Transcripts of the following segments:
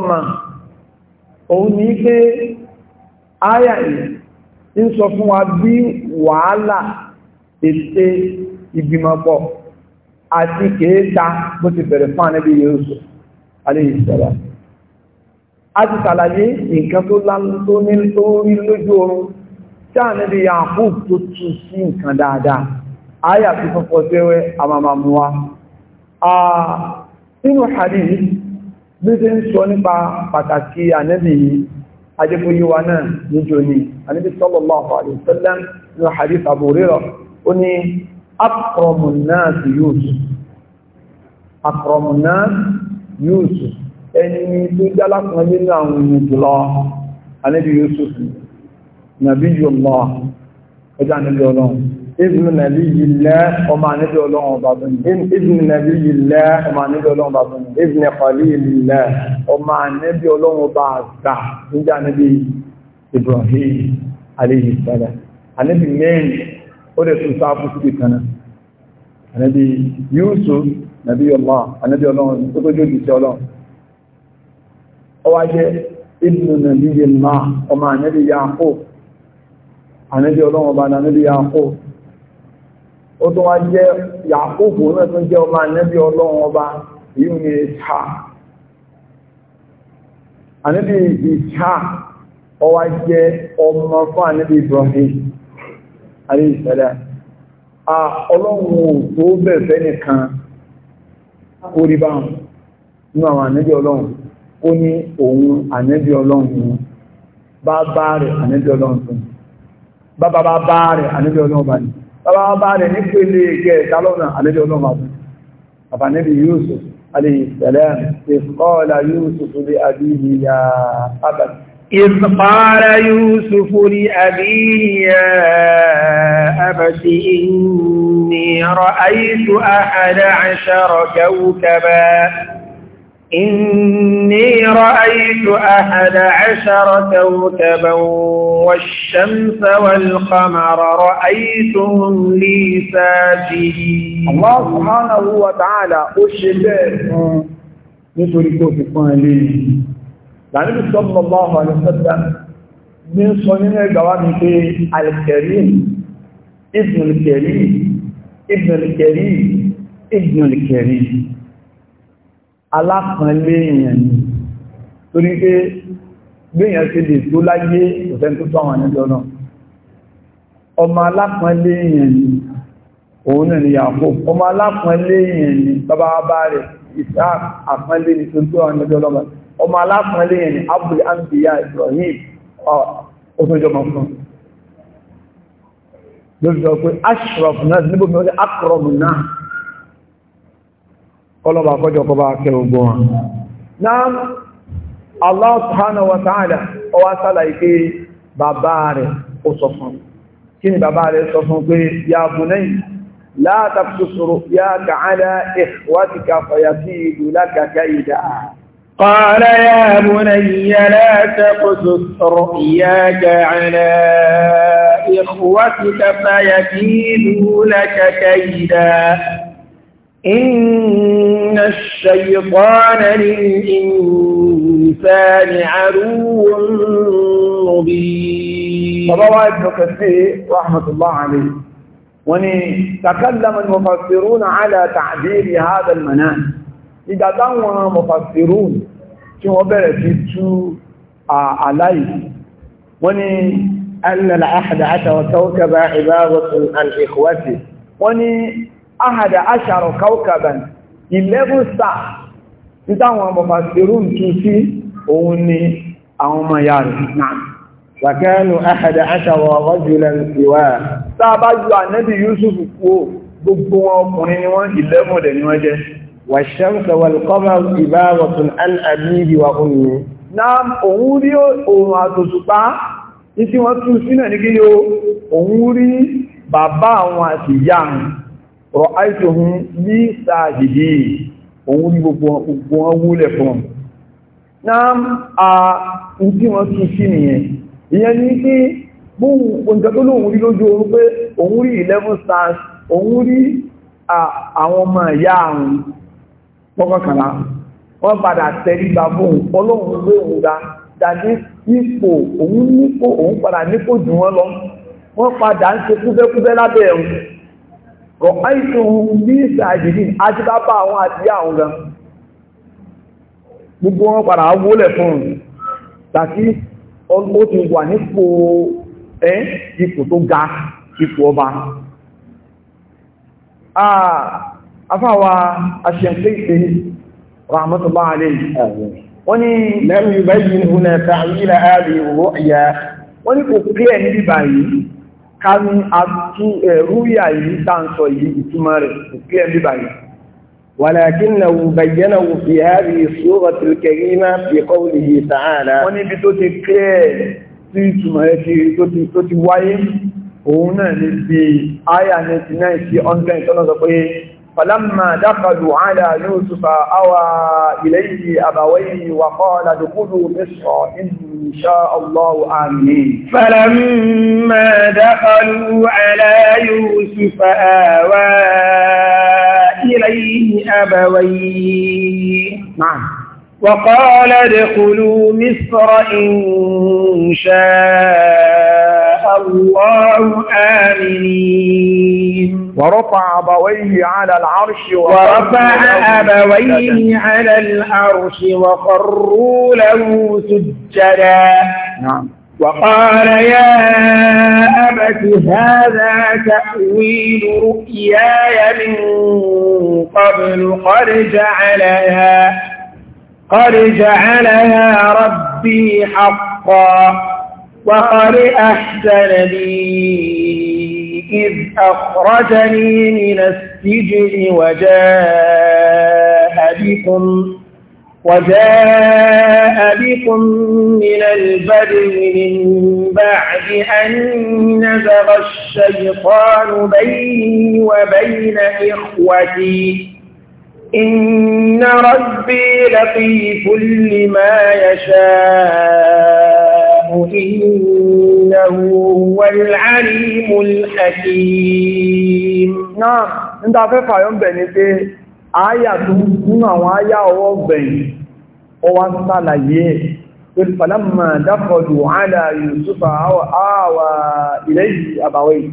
ọmọ òun ní pé áyà yìí ń sọ fún wa bí wàhálà ètè ìgbìmọ̀pọ̀ àti kèéta bó ti bẹ̀rẹ̀ fún ànẹ́bí Yusuf aléìsẹ̀lá a ti sàlàyé nǹkan tó lálùtó ní lórí lójú oorun tí ànẹ́bí Yakub tó tún sí nǹkan dáadáa áyà tó fọ́fọ́ sí ẹwẹ́ àmàmàmúwa ah, nínú hadith bí tí ń sọ nípa pàtàkì ànẹ́bì yìí ajẹ́kúyíwa náà níjò ní ànẹ́bì sallallahu alaihi wasallam ní hadith Abu Hurairah ó ní akramun nas Yusuf akramun nas Yusuf ẹni tó jálákan nínú àwọn ènìyàn jùlọ ànẹ́bì Yusuf nàbí yóò lọ ẹjọ́ ibnu nabiyillah ọmọ àníbí ọlọ́run ọba tó ní ibnu nabiyillah ọmọ àníbí ọlọ́run ọba tó ní ibnu khalilillah ọmọ àníbí ọlọ́run ọba àgbà níjà níbi ibrahim alayhi salam àníbí mẹ́rin ó lè tún sáfù sí ìkànnà àníbí yusuf nàbí ọlọ́ àníbí ọlọ́run tó tó jókòó sí ọlọ́run ọwá jẹ́ ibnu ọmọ àníbí yaqub àníbí ọlọ́run ọba àníbí yaqub ó tún wá jẹ́ Yakubu náà tún jẹ́ ọmọ ànẹ́bí ọlọ́run ọba yìí ní ìṣà ànẹ́bí ìṣà ọwá jẹ́ ọmọ fún ànẹ́bí Ibrahim alẹ́ ìṣẹ́lẹ̀ a ọlọ́run tó bẹ̀fẹ́ nìkan kó rí bá wọn ní àwọn ànẹ́bí ọlọ́run ó ní òun ànẹ́bí ọlọ́run ni bàbá rẹ̀ ànẹ́bí ọlọ́run tó bàbá bàbá rẹ̀ ànẹ́bí ọlọ́run bá ní bàbá bá rẹ̀ ní pèlè ẹgẹ́ ìtàlọ́nà àlejò ọlọ́mà fún bàbá níbi Yusuf alìsẹ̀lẹ̀ ìfọ́ọ̀lá Yusuf lè àbíyí ya abà ìfààrà Yusuf lè àbíyí ya إني رأيت أحد عشر كوكبا والشمس والقمر رأيتهم لي ساجدين الله سبحانه وتعالى أشهد نقول كوفي قائلين لأنه صلى الله عليه وسلم من صنعنا جوابه في الكريم ابن الكريم ابن الكريم ابن الكريم alápọ̀nlé èèyàn ni torí pé gbéyàn ti lè tó láyé òfẹ́ tó tó àwọn àníjọ́ náà ọmọ alápọ̀nlé èèyàn ni òun náà ni yàkó ọmọ alápọ̀nlé èèyàn ni bàbá bá rẹ̀ ìsá àpọ̀nlé ni tó tó àwọn àníjọ́ lọ́mọ ọmọ alápọ̀nlé èèyàn ni abul ambiya ibrahim ọ̀tọ́jọmọ fún lórí sọ pé ashraf náà níbo mi wọ́n ti akọrọ̀mù náà kọlọba kọjọ kọba kẹ ogun wọn náà Allah subhanahu wa ta'ala ọwá sálà ìpé bàbá rẹ̀ ó sọ fún kí ni bàbá rẹ̀ sọ fún pé ya bunay la tabsusu ru'yaka ala ikhwatika fayakidu laka kaida قال يا بني لا تقصد رؤياك على إخوتك فيكيدوا لك كيدا إن الشيطان للإنسان عدو مبين رواه ابن كثير رحمة الله عليه وني تكلم المفسرون على تعبير هذا المنام إذا دعوا مفسرون كما برسلت عليه وني أن الأحد عشر كوكب عبارة عن إخوته وني ahàdà aṣàrọ̀ kawkaban 11 stars ní táwọn ọmọba sírùn tún sí òun ni àwọn ọmọ ya rẹ̀ náà wàkẹ́ẹ̀nù ahàdà aṣàrọ̀ ọjọ́lẹ̀ ìwà sáàbá ju ànẹ́bì Yusuf kú gbogbo wọn ọkùnrin ni wọ́n 11 dẹ̀ ni wọ́n jẹ́ wàṣẹ́mṣà wàlùkọ́mọ̀ rọ̀ àìsòhun ní sàájìdì òun ní gbogbo wọn wúlẹ̀ fún náà a ń tí wọ́n tún sí nìyẹn ìyẹn ní kí gbóhùn tó lóhun rí lójú orú pé òun rí 11 stars òun rí àwọn ọmọ ìyá àrùn pọ́kọ̀kànlá wọ́n padà tẹríba fún ọlọ́run gbé òun ga dàní ipò òun nípò òun padà nípò jù wọ́n lọ wọ́n padà ń ṣe kúbẹ́kúbẹ́ lábẹ́ kọ̀ àìsùn bí ìsàjìdì àti bàbá àwọn àti àwọn gan gbogbo wọn padà wólẹ̀ fún un tàbí ó ti wà nípò ẹ́ ipò tó ga ipò ọba afáwa aṣẹ́fẹ́ ìpé rahmatulá alayhi wọ́n ni lẹ́rù ìbẹ́yìn hùnẹ̀ tààrí ilẹ̀ ààrẹ ìwọ̀ ìyá wọ́n ni kò kílẹ̀ níbi báyìí ká ní àti ẹ̀rú yà yìí tàǹsọ̀ yìí ìtumọ̀ rẹ̀ òkè ẹ̀mí báyìí ولكنه بينه في هذه الصورة الكريمة في قوله تعالى wọ́n níbi tó ti kẹ́ tí ìtumọ̀ rẹ̀ tó ti wáyé òun náà níbi àyà 99 sí 100 tọ́nà sọ pé فلما دخلوا على يوسف أوى إليه أبويه وقال ادخلوا مصر إن شاء الله آمنين فلما دخلوا على يوسف آوى إليه أبويه نعم وقال ادخلوا مصر إن شاء الله آمنين ورفع أبويه على العرش ورفع أبويه على العرش وخروا له سجدا نعم وقال يا أبت هذا تأويل رؤياي من قبل قد جعلها قد جعلها ربي حقا وقد أحسن لي إذ أخرجني من السجن وجاء بكم وجاء بكم من البدو من بعد أن نزغ الشيطان بيني وبين إخوتي إن ربي لطيف لما يشاء إن إنه هو العليم الحكيم نعم انت عفيفة يوم بنيتي آية تنسونا وآية وبين وانسال يه فلما دخلوا على يوسف آوى إليه أبويه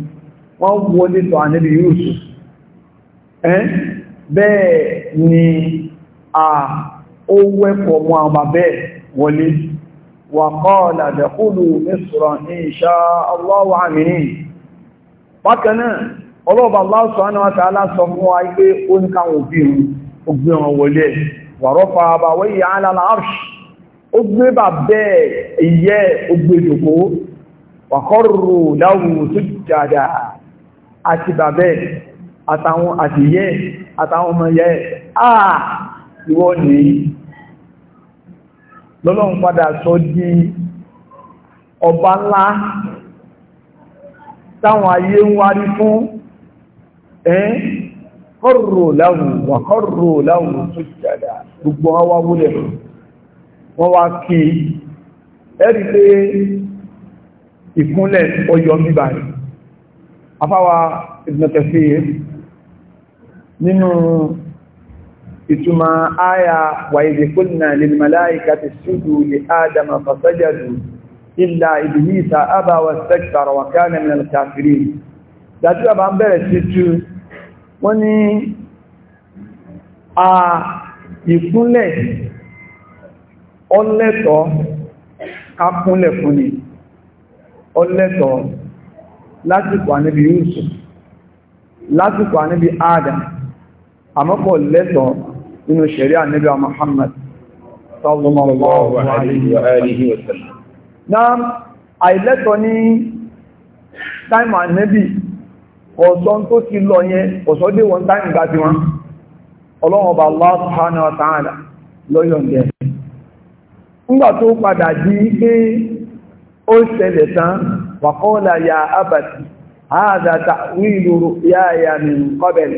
wọ́n wọlé tọ̀ àníbi Yusuf ẹ́n bẹ́ẹ̀ ni a ó wẹ́pọ̀ mọ́ àwọn وقال دخلوا مصر إن شاء الله عاملين bákanáà ọlọ́ọ̀bà Allah subhanahu wa ta'ala sọ fún wa pé ó ní káwọn òbí ó gbé wọn wọlé wa rafa'a abawayhi 'ala al-'arsh ó gbé bàbẹ́ ìyẹ́ ọmọ yẹ́ àà ah! lọ́lọ́run padà sọ di ọba ńlá táwọn ayé ń wárí fún ẹ́ kọ́rọ̀ láwùn wà kọ́rọ̀ láwùn tó jàdà gbogbo ọwá wúlẹ̀ wọ́n wá kí ẹ̀rí pé ìkúnlẹ̀ ọyọ̀ bíbà rẹ̀ afáwa Ibn Kathir nínú ìtumà áyà wà ìdíkúnnà lèmàláìkà ti ṣúdù lè ádámà fàṣẹ́jẹ̀dù ìlà ìbìlísà àbáwà sẹ́kàrà wà káàmì alkafiri dájú àbá ń bẹ̀rẹ̀ sí tú wọ́n ní a ìkúnlẹ̀ ọlẹ́tọ̀ kákúnlẹ̀ fún ni ọlẹ́tọ̀ lásìkò àníbi Yusuf lásìkò àníbi Adam àmọ́pọ̀ lẹ́tọ̀ọ́ nínú ṣẹ̀rí ànábì Muhammad sallallahu alaihi wa alihi wa sallam náà àìlẹ́tọ̀ ní ti lọ yẹn ọ̀sán dé wọn táìmù gbá ti wọn ọlọ́wọ́n bá Allah subhanahu wa ta'ala lọ́yọ̀ndẹ̀ nígbà di ya abati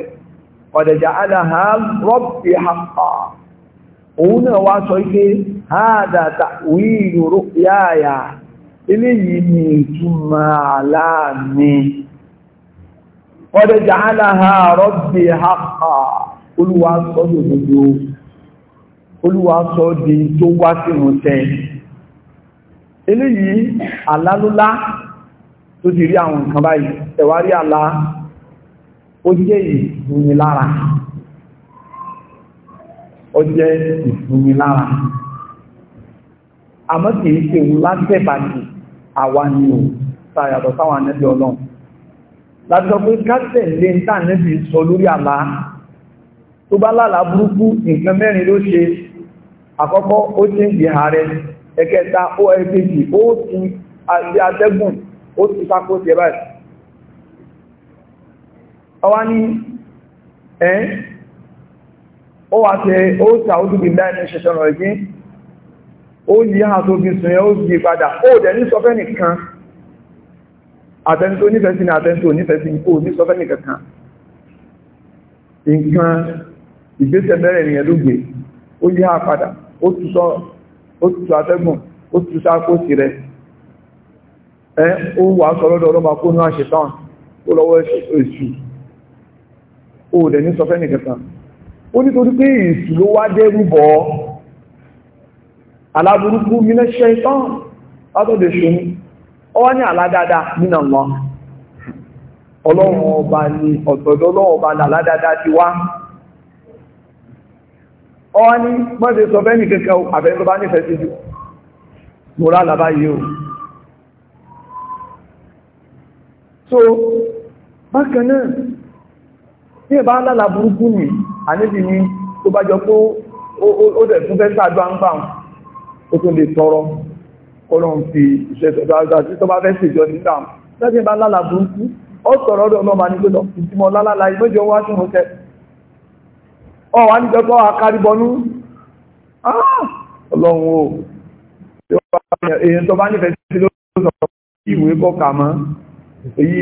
ọ̀dẹ̀jà aláha rọ́bì hapá òun náà wá sọ ike hádàtà wíìrò yáyà ilé yìí ni ìtumọ̀ aláàmì ọ̀dẹ̀jà aláha rọ́bì hapá olúwa sọ dòdòdó sọ di tó wá sí mọ̀tẹ́ ilé yìí alálólá tó ti rí ó jẹ́ ìfúnilára ó jẹ́ ìfúnilára àmọ́ kì í ṣe òun látẹ̀bàjì àwa ni ò sàyàtọ̀ sáwọn anẹ́bí ọlọ́run láti sọ pé kásẹ̀ lè ń tà níbi sọ lórí àlá tó bá lálà burúkú nǹkan mẹ́rin ló ṣe àkọ́kọ́ ó ti ń di ààrẹ ẹ̀kẹta ó ẹ̀kejì ó ti àti atẹ́gùn ó ti sákó ti ẹ̀ ọwá ní ẹ́ ó wà tẹ ó sàúdùbí láìní ṣẹṣẹ́ rọ̀ jí ó yí ha tó bí sùn yẹn ó yí padà ó dẹ̀ ní sọfẹ́ nìkan àtẹ́ntó nífẹ̀ẹ́ sí ni àtẹ́ntó nífẹ̀ẹ́ sí ni ó ní sọfẹ́ nìkan kan nǹkan ìgbésẹ̀ bẹ̀rẹ̀ nìyẹn ló gbé ó yí ha padà ó tutù atẹ́gùn ó tutù sákòsì rẹ̀ ẹ́ ó wà sọ lọ́dọ̀ ọlọ́ba kó náà ṣetán ó lọ́wọ́ èṣù ó ní sọ fẹ́nì kẹta ó nítorí pé èsù ló wá dẹ́rù bọ́ aláburúkú mílẹ̀ ṣe tán látọ̀dẹ̀ ṣòun ní àládáadá nínà lọ ọlọ́run ọba ni ọ̀tọ̀dọ̀ ọlọ́run ọba ní ti wá so bákan náà tí ìbá lálà burúkú nì àníbì ní tó bá jọ pé ó dẹ̀ tún fẹ́ sàdúrà ń bà ó tún lè tọrọ kọlọ́n fi iṣẹ́ tọ́jú àti tó bá fẹ́ ṣèjọ nígbà tẹ́bí ìbá lálà burúkú ó sọ̀rọ̀ ọdọ̀ ọlọ́mà ní gbọ́dọ̀ ìtìmọ̀ lálàlà ìmọ́jọ wá tún mọ́ tẹ́ ọ wà ní jọpọ̀ àkárìbọnú ah, ọlọ́run o èyàn tó bá nífẹ̀ẹ́ sí lóòrùn ìwé bọ́kà mọ́ èyí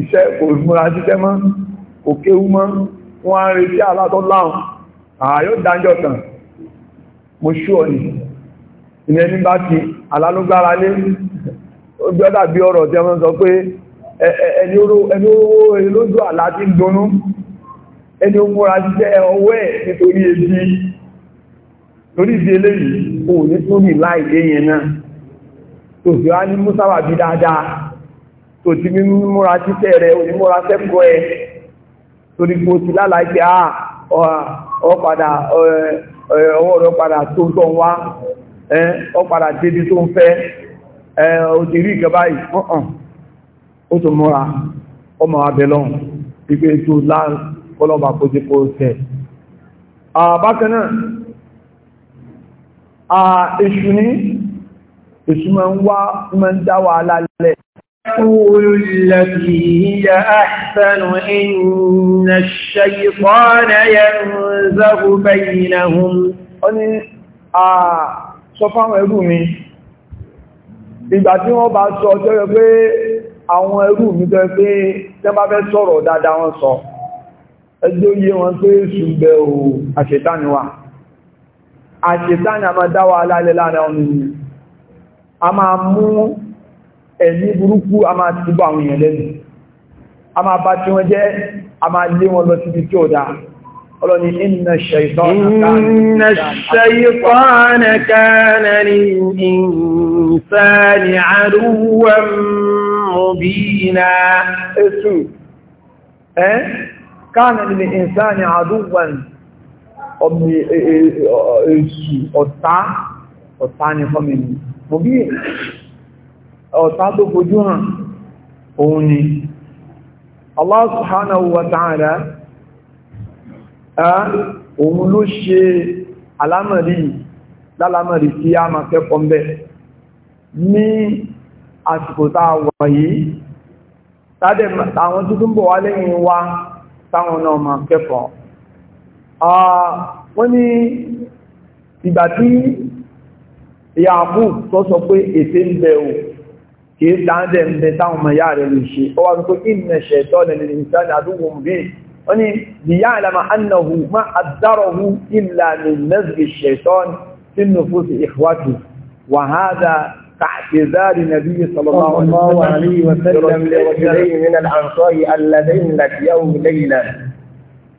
iṣẹ́ kò múra síṣẹ́ mọ́ òkè umọ́ wọ́n á rí sí alátọ́ láhùn ààyò dájọ́ kan mo ṣú ọ̀ ní ilẹ̀ nígbà tí alálúgbára lé gbọ́dà bí ọ̀rọ̀ tí wọ́n sọ pé ẹni owó lójú àlá tí ń donú ẹni ó múra jẹ́ ọwọ́ ẹ̀ nítorí ebi lórí ìdí eléyìí kò ní sórí láì léyìn náà tó fi wá ní músáwà bí dáadáa tó ti mímúra títẹ́ rẹ̀ onímúra sẹ́kọ̀ọ́ ẹ̀ torí pé ó ti lálàá pé à ah, ọ̀padà ọwọ́ rẹ̀ padà tó tọ́ wá ọ̀padà dédé tó ń fẹ́ òtìrí ìkẹba yìí ọ̀hàn ó tó mọ́ra ọmọ abẹ́lọ́n pípé tó láàrínlọ́bà kó jẹ́ kó tẹ̀. bákanáà èṣù ní èṣù máa يقول التي هي أحسن إن الشيطان ينزغ بينهم ọni a sọ fáwọn wọ́n bá sọ ọjọ́ yọ pé àwọn ẹrú mi tọ́ pé tẹ́ bá fẹ́ sọ̀rọ̀ dáadáa wọ́n sọ ẹjọ́ yé wọn pé ṣùgbẹ́ o àṣetáni wa àṣetáni a máa dáwà alálẹ́ lára ọmọ a máa mú ẹ̀mí burúkú a máa ti bá àwọn èèyàn lẹ́nu a máa bá tí wọ́n jẹ́ a máa lé wọn lọ síbi tí ó dá ọlọ́ni inna ash-shaytana kana ọ̀tá ọ̀tá ní fọ́mìnì mubina ọ̀tá tó fojú hàn òun ni Allah subhanahu wa ta'ala ah, òun ló ṣe alámọ̀rí lálámọ̀rí tí a máa kẹ́kọ̀ọ́ mẹ́ ní àsìkò táa wà yìí tàdẹ̀ àwọn tuntun bọ̀ wá lẹ́yìn wá táwọn náà máa kẹ́kọ̀ọ́ ah, wọ́n ní ìgbà tí Yàkúbù tó pé ètè ń bẹ̀ kìí dáńdẹ̀ ń bẹ táwọn ọmọ ìyá rẹ̀ lè ṣe ó wá wípé inna shaytana lil insani aduwwun mubin ó ní liya'lama annahu ma addarahu illa min nazghi shaytan fi nufusi ikhwati wa hadha كاعتذار النبي صلى الله عليه وسلم لرجلين من الأنصار اللذين لقيوه ليلا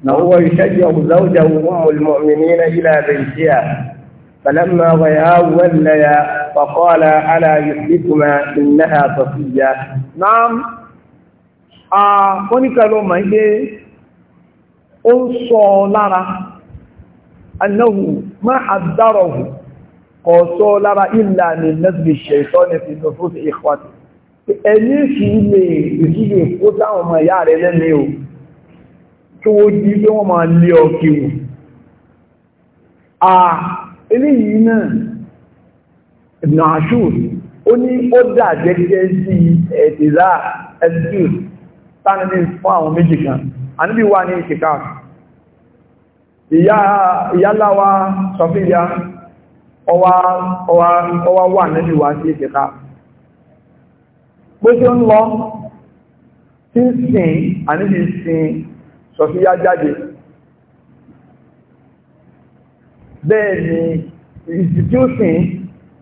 وهو يشجع زوجه أم المؤمنين إلى بيتها فلما ضياه وليا فقال ألا يثبتما إنها صفية نعم wọ́n ní kẹlọ ma ń gbé ó ń sọ lára annahu ma àdárọ̀hù kọ̀ sọ lára ìlà ní nẹ́sìlì ṣẹ̀tọ́ ní fi lọ́fún sí ìkwàtí ẹni kì í lè ìdílé ó táwọn ọmọ ìyá rẹ̀ lẹ́ni o tí ó jí pé wọ́n máa lé ọkì wù ibn ashur ó ní ó dà gẹ́gẹ́ sí ẹ̀tìlá excuse tánàbí fún àwọn méjì kan àníbí wà ní ìkìká ìyáláwà sọfíyà ọwá wà nẹ́bí wà sí ìkìká pé tí ó ń lọ tí ń sin àníbí sin sọfíyà jáde bẹ́ẹ̀ ni ìsìtí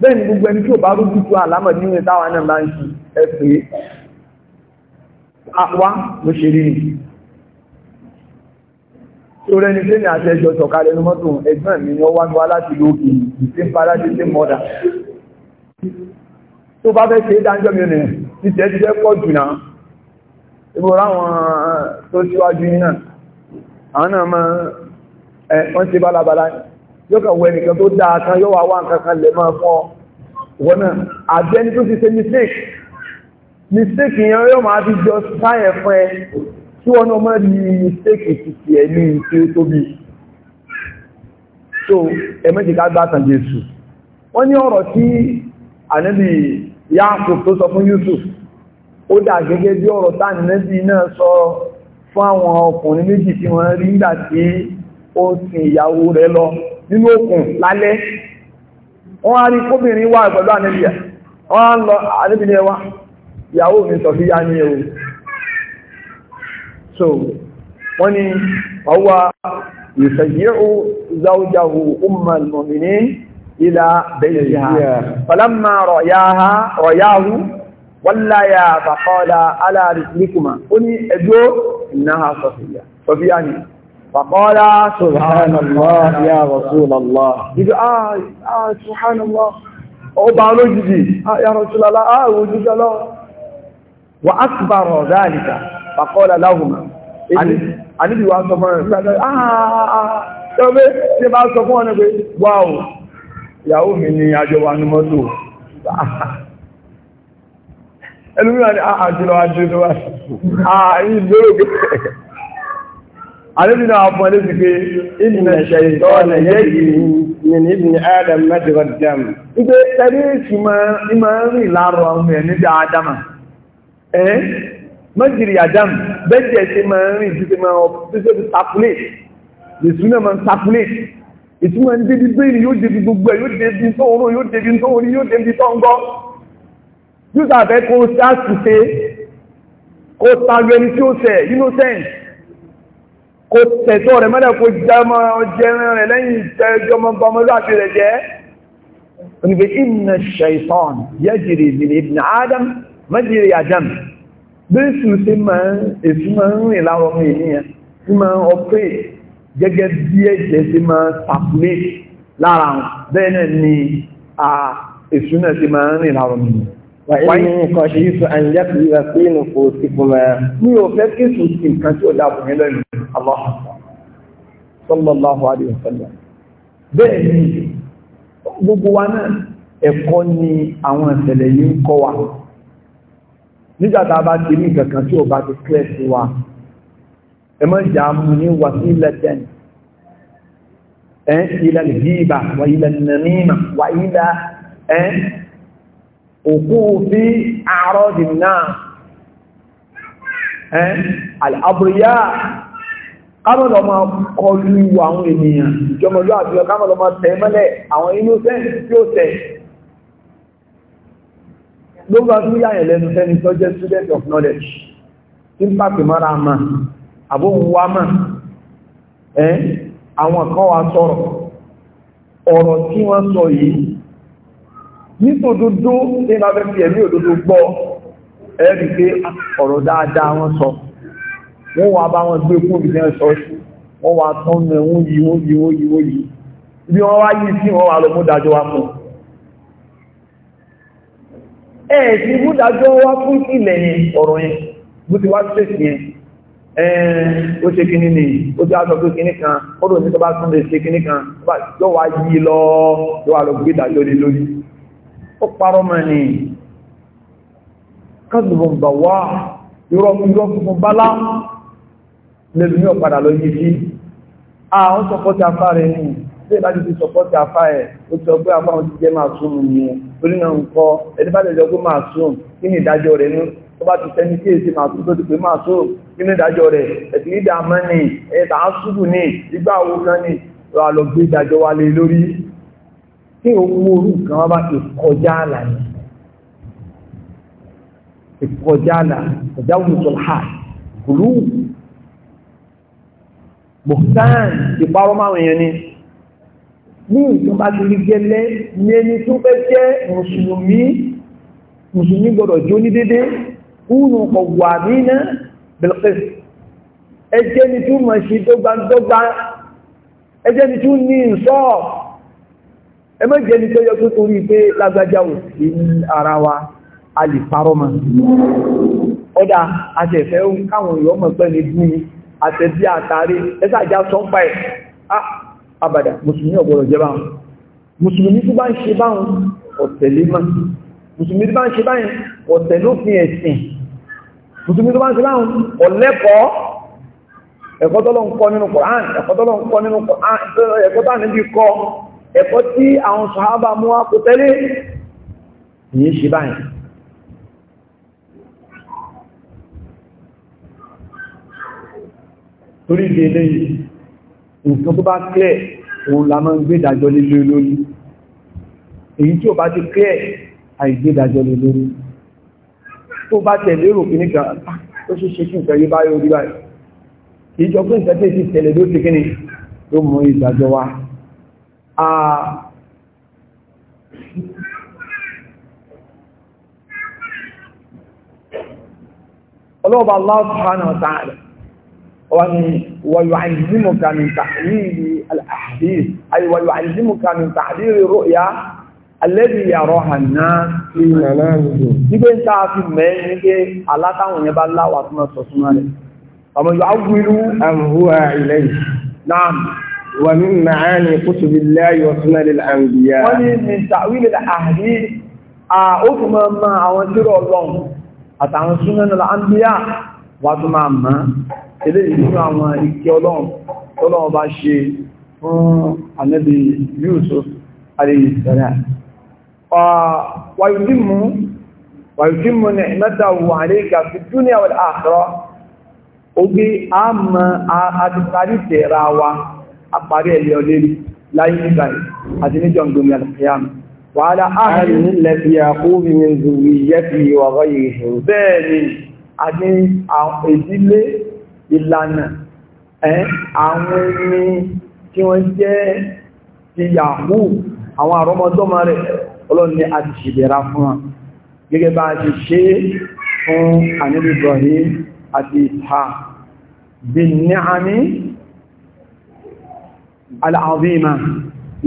bẹ́ẹ̀ ni gbogbo ẹni tí ò bá rújú tó àlámọ̀ nínú ìtawọn náà bá ń ṣe ẹ̀fẹ́ àwá ló ṣe rí ni tó rẹni tí ní àti ẹjọ́ sọ̀kalẹ̀ ní mọ́tò ẹgbẹ́ mi ni ó wá ní wá láti lókè ìsí ń padà sí sí mọ́dà é dájọ́ mi rìn ti tẹ́ ti fẹ́ pọ̀ jù náà ibo ráwọn tó síwájú náà yóò kàn wọ ẹnìkan tó dáa kan yóò wá wá nǹkan kan lè máa fọ́ wọn náà àbí ẹni tó ti ṣe mistake mistake yẹn yóò máa fi jọ sáyẹn fún ẹ kí wọn náà máa ní mistake ti tiẹ̀ ní ìṣe tóbi so ẹ̀mẹ́jì ká gbá tàn Jésù wọ́n ní ọ̀rọ̀ tí ànábì Yáàkùb tó sọ fún Yusuf ó dà gẹ́gẹ́ bí ọ̀rọ̀ tánìlẹ́bì náà sọ fún àwọn ọkùnrin méjì tí wọ́n rí nígbà tí ó sin ìyàwó rẹ̀ lọ nínú òkun lálẹ́ wọ́n á rí kóbìnrin wà pẹ̀lú àníbìyà wọ́n á lọ àníbìyà wá ìyàwó mi sọ fi yá ní ewu so wọ́n ni ọwá ìfẹ̀yẹ́rù záújáwò ummal mu'minin ila baytiha فقال سبحان الله يا رسول الله يقول آه آه سبحان الله أبا رجدي آه يا رسول الله آه وجد الله وأكبر ذلك فقال لهم àníbì wa sọ fún ẹ̀rẹ̀ ṣọ́bẹ́ tí bá sọ fún ọ̀nà pé àlébìnà àfọn lè fi pé ìnà ṣẹ̀tọ́nà yẹ́yìí ní ìbìnà adam mẹ́tìrọ̀ dam. ipé tẹ́lẹ̀ èsì máa ń rìn láàrọ̀ ọmọ ẹ̀ níbi adama ẹ́ mẹ́jìrì adam bẹ́jẹ̀ tí máa ń rìn tí ti máa ọ́fíṣẹ́ ti tapulate ìsúná máa ń tapulate ìtumọ̀ ní débi bẹ́ẹ̀ni yóò débi gbogbo ẹ̀ yóò débi tó oró yóò débi tó orí yóò débi tó ń gọ́ yóò tàbẹ́ kó sáàtù ṣe kó tàbẹ́ ni tí ó ṣe innocent kó tẹ̀tọ́ rẹ̀ mọ́lẹ̀ kó jámọ́ jẹran rẹ̀ lẹ́yìn ìtẹ́jọmọ́ bọmọláàfi rẹ̀ jẹ́ onígbé inna shaitan yajri min ibn adam majri adam bí sùsí máa èsì máa ń rìn láwọn ọmọ ènìyàn tí máa ọpẹ́ gẹ́gẹ́ bí ẹ̀jẹ̀ sí máa sàpùlé lára bẹ́ẹ̀ náà ni èsù náà sí máa ń rìn láwọn ọmọ ènìyàn wà ní nǹkan ṣe yíṣu àyíká fi yíra pé nù kò sí fún ẹ mi ò fẹ́ kí sùn sí nǹkan tí ó dá fún mi lẹ́nu aláhà sallallahu alaihi wasallam bẹ́ẹ̀ ni gbogbo wa náà ẹ̀kọ́ ni àwọn ìṣẹ̀lẹ̀ yìí ń kọ́ wa nígbà tá a bá ti rí nǹkan kan tí ò bá ti clear sí wa ẹ má jà mú ní wàsílẹ̀tẹ̀n ẹ̀ ilẹ̀ gíba wà ilẹ̀ nàmímà wà ilẹ̀ òkú sí àárọ̀ dìnnà àbúrúyá kámọ̀lọ́ máa kọlu ìwà àwọn ènìyàn ìjọmọ̀lú àbúrúyá kámọ̀lọ́ máa tẹ̀ mọ́lẹ̀ àwọn innocent tí ó tẹ̀ ló bá tún yáyẹ̀ lẹ́nu fẹ́ni tó jẹ́ student of knowledge tí ń pàpì mọ́ra mà àbóhun wá mà àwọn kan wá sọ̀rọ̀ ọ̀rọ̀ tí wọ́n sọ yìí nítòdodo ní ma fẹ́ fi ẹ̀mí òdodo gbọ́ ẹ̀rí pé ọ̀rọ̀ dáadáa wọ́n sọ wọ́n wá bá wọn gbé kúrò ní ẹ̀sọ́ sí wọ́n wá tán mẹ́ wọ́n yí wọ́n yí wọ́n yí wọ́n yí bí wọ́n wá yí sí wọ́n wá lọ múdájọ́ wá fún ẹ̀ sí múdájọ́ wá fún ilẹ̀ yẹn ọ̀rọ̀ yẹn bó ti wá tẹ̀sí yẹn ó ni ó ti aṣọ pé kíní kan ó rò ní tó bá tún lè ṣe kíní ó parọ́ mọ̀ ní kọ́sùgbọ̀n bà wá irọ́ irọ́ fún bálá lẹ́lú ní ọ̀padà lọ yìí sí àwọn sọpọ́tì afá rẹ̀ ní ṣe láti fi sọpọ́tì afá ẹ̀ ó sọ pé afá òun ti jẹ́ máa sún ní orí náà ń kọ́ ẹni bá tẹ̀jọ pé máa sún kí ni ìdájọ́ rẹ̀ ní ó bá ti sẹ́ni kí èsì máa sún tó ti pé máa sún kí ni ìdájọ́ rẹ̀ ẹ̀sìn ìdààmú ni ẹ̀ta á súbù ni ìgbà wo kan ni wà lọ gbé ìdájọ́ wa lé lórí tí o mú orú nǹkan wá bá ìkọjá àlà ni ìkọjá àlà ìkọjá olùsọ̀lá kùlù bùkán ìparọ́ máa wọ̀nyẹn ni ní nǹkan bá ti rí gẹ́lẹ́ ní ẹni tó fẹ́ jẹ́ mùsùlùmí mùsùlùmí gbọ́dọ̀ jó ní dédé kúrò ọ̀wà nínú bilqis ẹjẹ́ ni tí ó mọ̀ sí dọ́gbandọ́gba ẹjẹ́ ni tí ní ìsọ́ọ̀fù ẹ má jẹ́ ni tó yọ tó torí pé lágbájá ò sí ara wa a lè parọ́ ma ọ̀dà àtẹ̀fẹ́ káwọn èèyàn mọ̀ pẹ́ ní bú àtẹ̀bí àtàrí ẹsà já sọ́pá ẹ̀ àbàdà mùsùlùmí ọ̀gbọ̀rọ̀ jẹ́ báhùn mùsùlùmí tó bá ń ṣe báhùn ọ̀tẹ̀lé mọ́ mùsùlùmí tó bá ń ṣe báyìí ọ̀tẹ̀lófin ẹ̀kọ́ tọ́lọ́ ń kọ́ nínú Kùránì ẹ̀kọ́ tọ́lọ́ ń kọ́ nínú Kùránì ẹ̀kọ́ tọ́lọ́ ń kọ́ ẹ̀kọ́ tí àwọn sàhábà mú wá kò tẹ́lé ní ṣe báyìí torí ìdílé nǹkan tó bá clear òun la máa ń gbé ìdájọ́ lílé lórí èyí tí ò bá ti clear àìgbé ìdájọ́ lé lórí tó bá tẹ̀lé rò kí nígbà tó ah, ṣe ṣe kí nǹkan yí bá yóò rí báyìí kìí pé nǹkan tẹ̀lé ló ti kí ni ló mú ìdájọ́ wá ọlọ́ọ̀bá Allah subhanahu wa ta'ala wọ́n ni wàyùwàìzímùka min ta'lili al-ahadith ay wàyùwàìzímùka min ta'lili ru'ya alẹ́bí yàrọ̀ hànà nígbé ń tàà fi mẹ́rin ní pé alátáwọn ومن معاني كتب الله وسنن الأنبياء ومن تأويل الأحاديث أفهم ما أوتر الله أتعن سنن الأنبياء وأتمع ما إذا يسمع ما يكيولون Ọlọ́run bá ṣe fún ànábì Yusuf àríyìsẹ̀lẹ̀. Wàyùtímù, wàyùtímù ní mẹ́ta wà ní gàfi dúnìyà wal akhirah, ó gbé àmà àti tàrí tẹ̀ra wa àparí ẹ̀lẹ́ ọlérí láyé nígbàrí àti níjọ gbòmí àtàkìyàmù wàhálà áhàrí nílẹ̀ fi àkóbí mi zùwì yẹ́ fi wọ̀rọ̀ ìrìn bẹ́ẹ̀ ni àti ìdílé ìlànà àwọn ẹni tí wọ́n jẹ́ ti yàhú àwọn àrọ́mọdọ́mọ rẹ̀ ọlọ́ni aláàzíma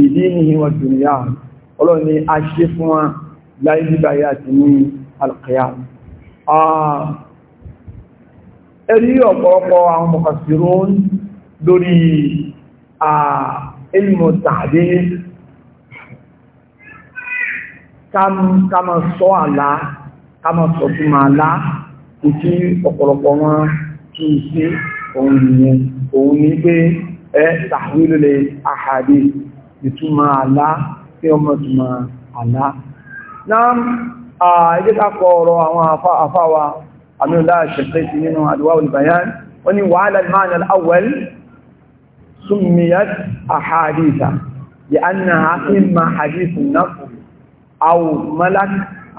ìdí ní wà dùnìyà ọlọ́run ni a ṣe fún wa láì bíbáyé àti ní alkiyà ẹ̀rí ọ̀pọ̀ọpọ̀ àwọn mọ̀kàsírún lórí ilmọ̀ tàbí kama sọ àlá kama sọ túnmà àlá kò tí ọ̀pọ̀lọpọ̀ wọn kí í òun ni pé تحويل الاحاديث لتما على يوم تما على نعم اذا قرر او افا افا وانا لا شقيت منه ادواء البيان وني وعلى المعنى الاول سميت احاديثا لانها اما حديث النفس او ملك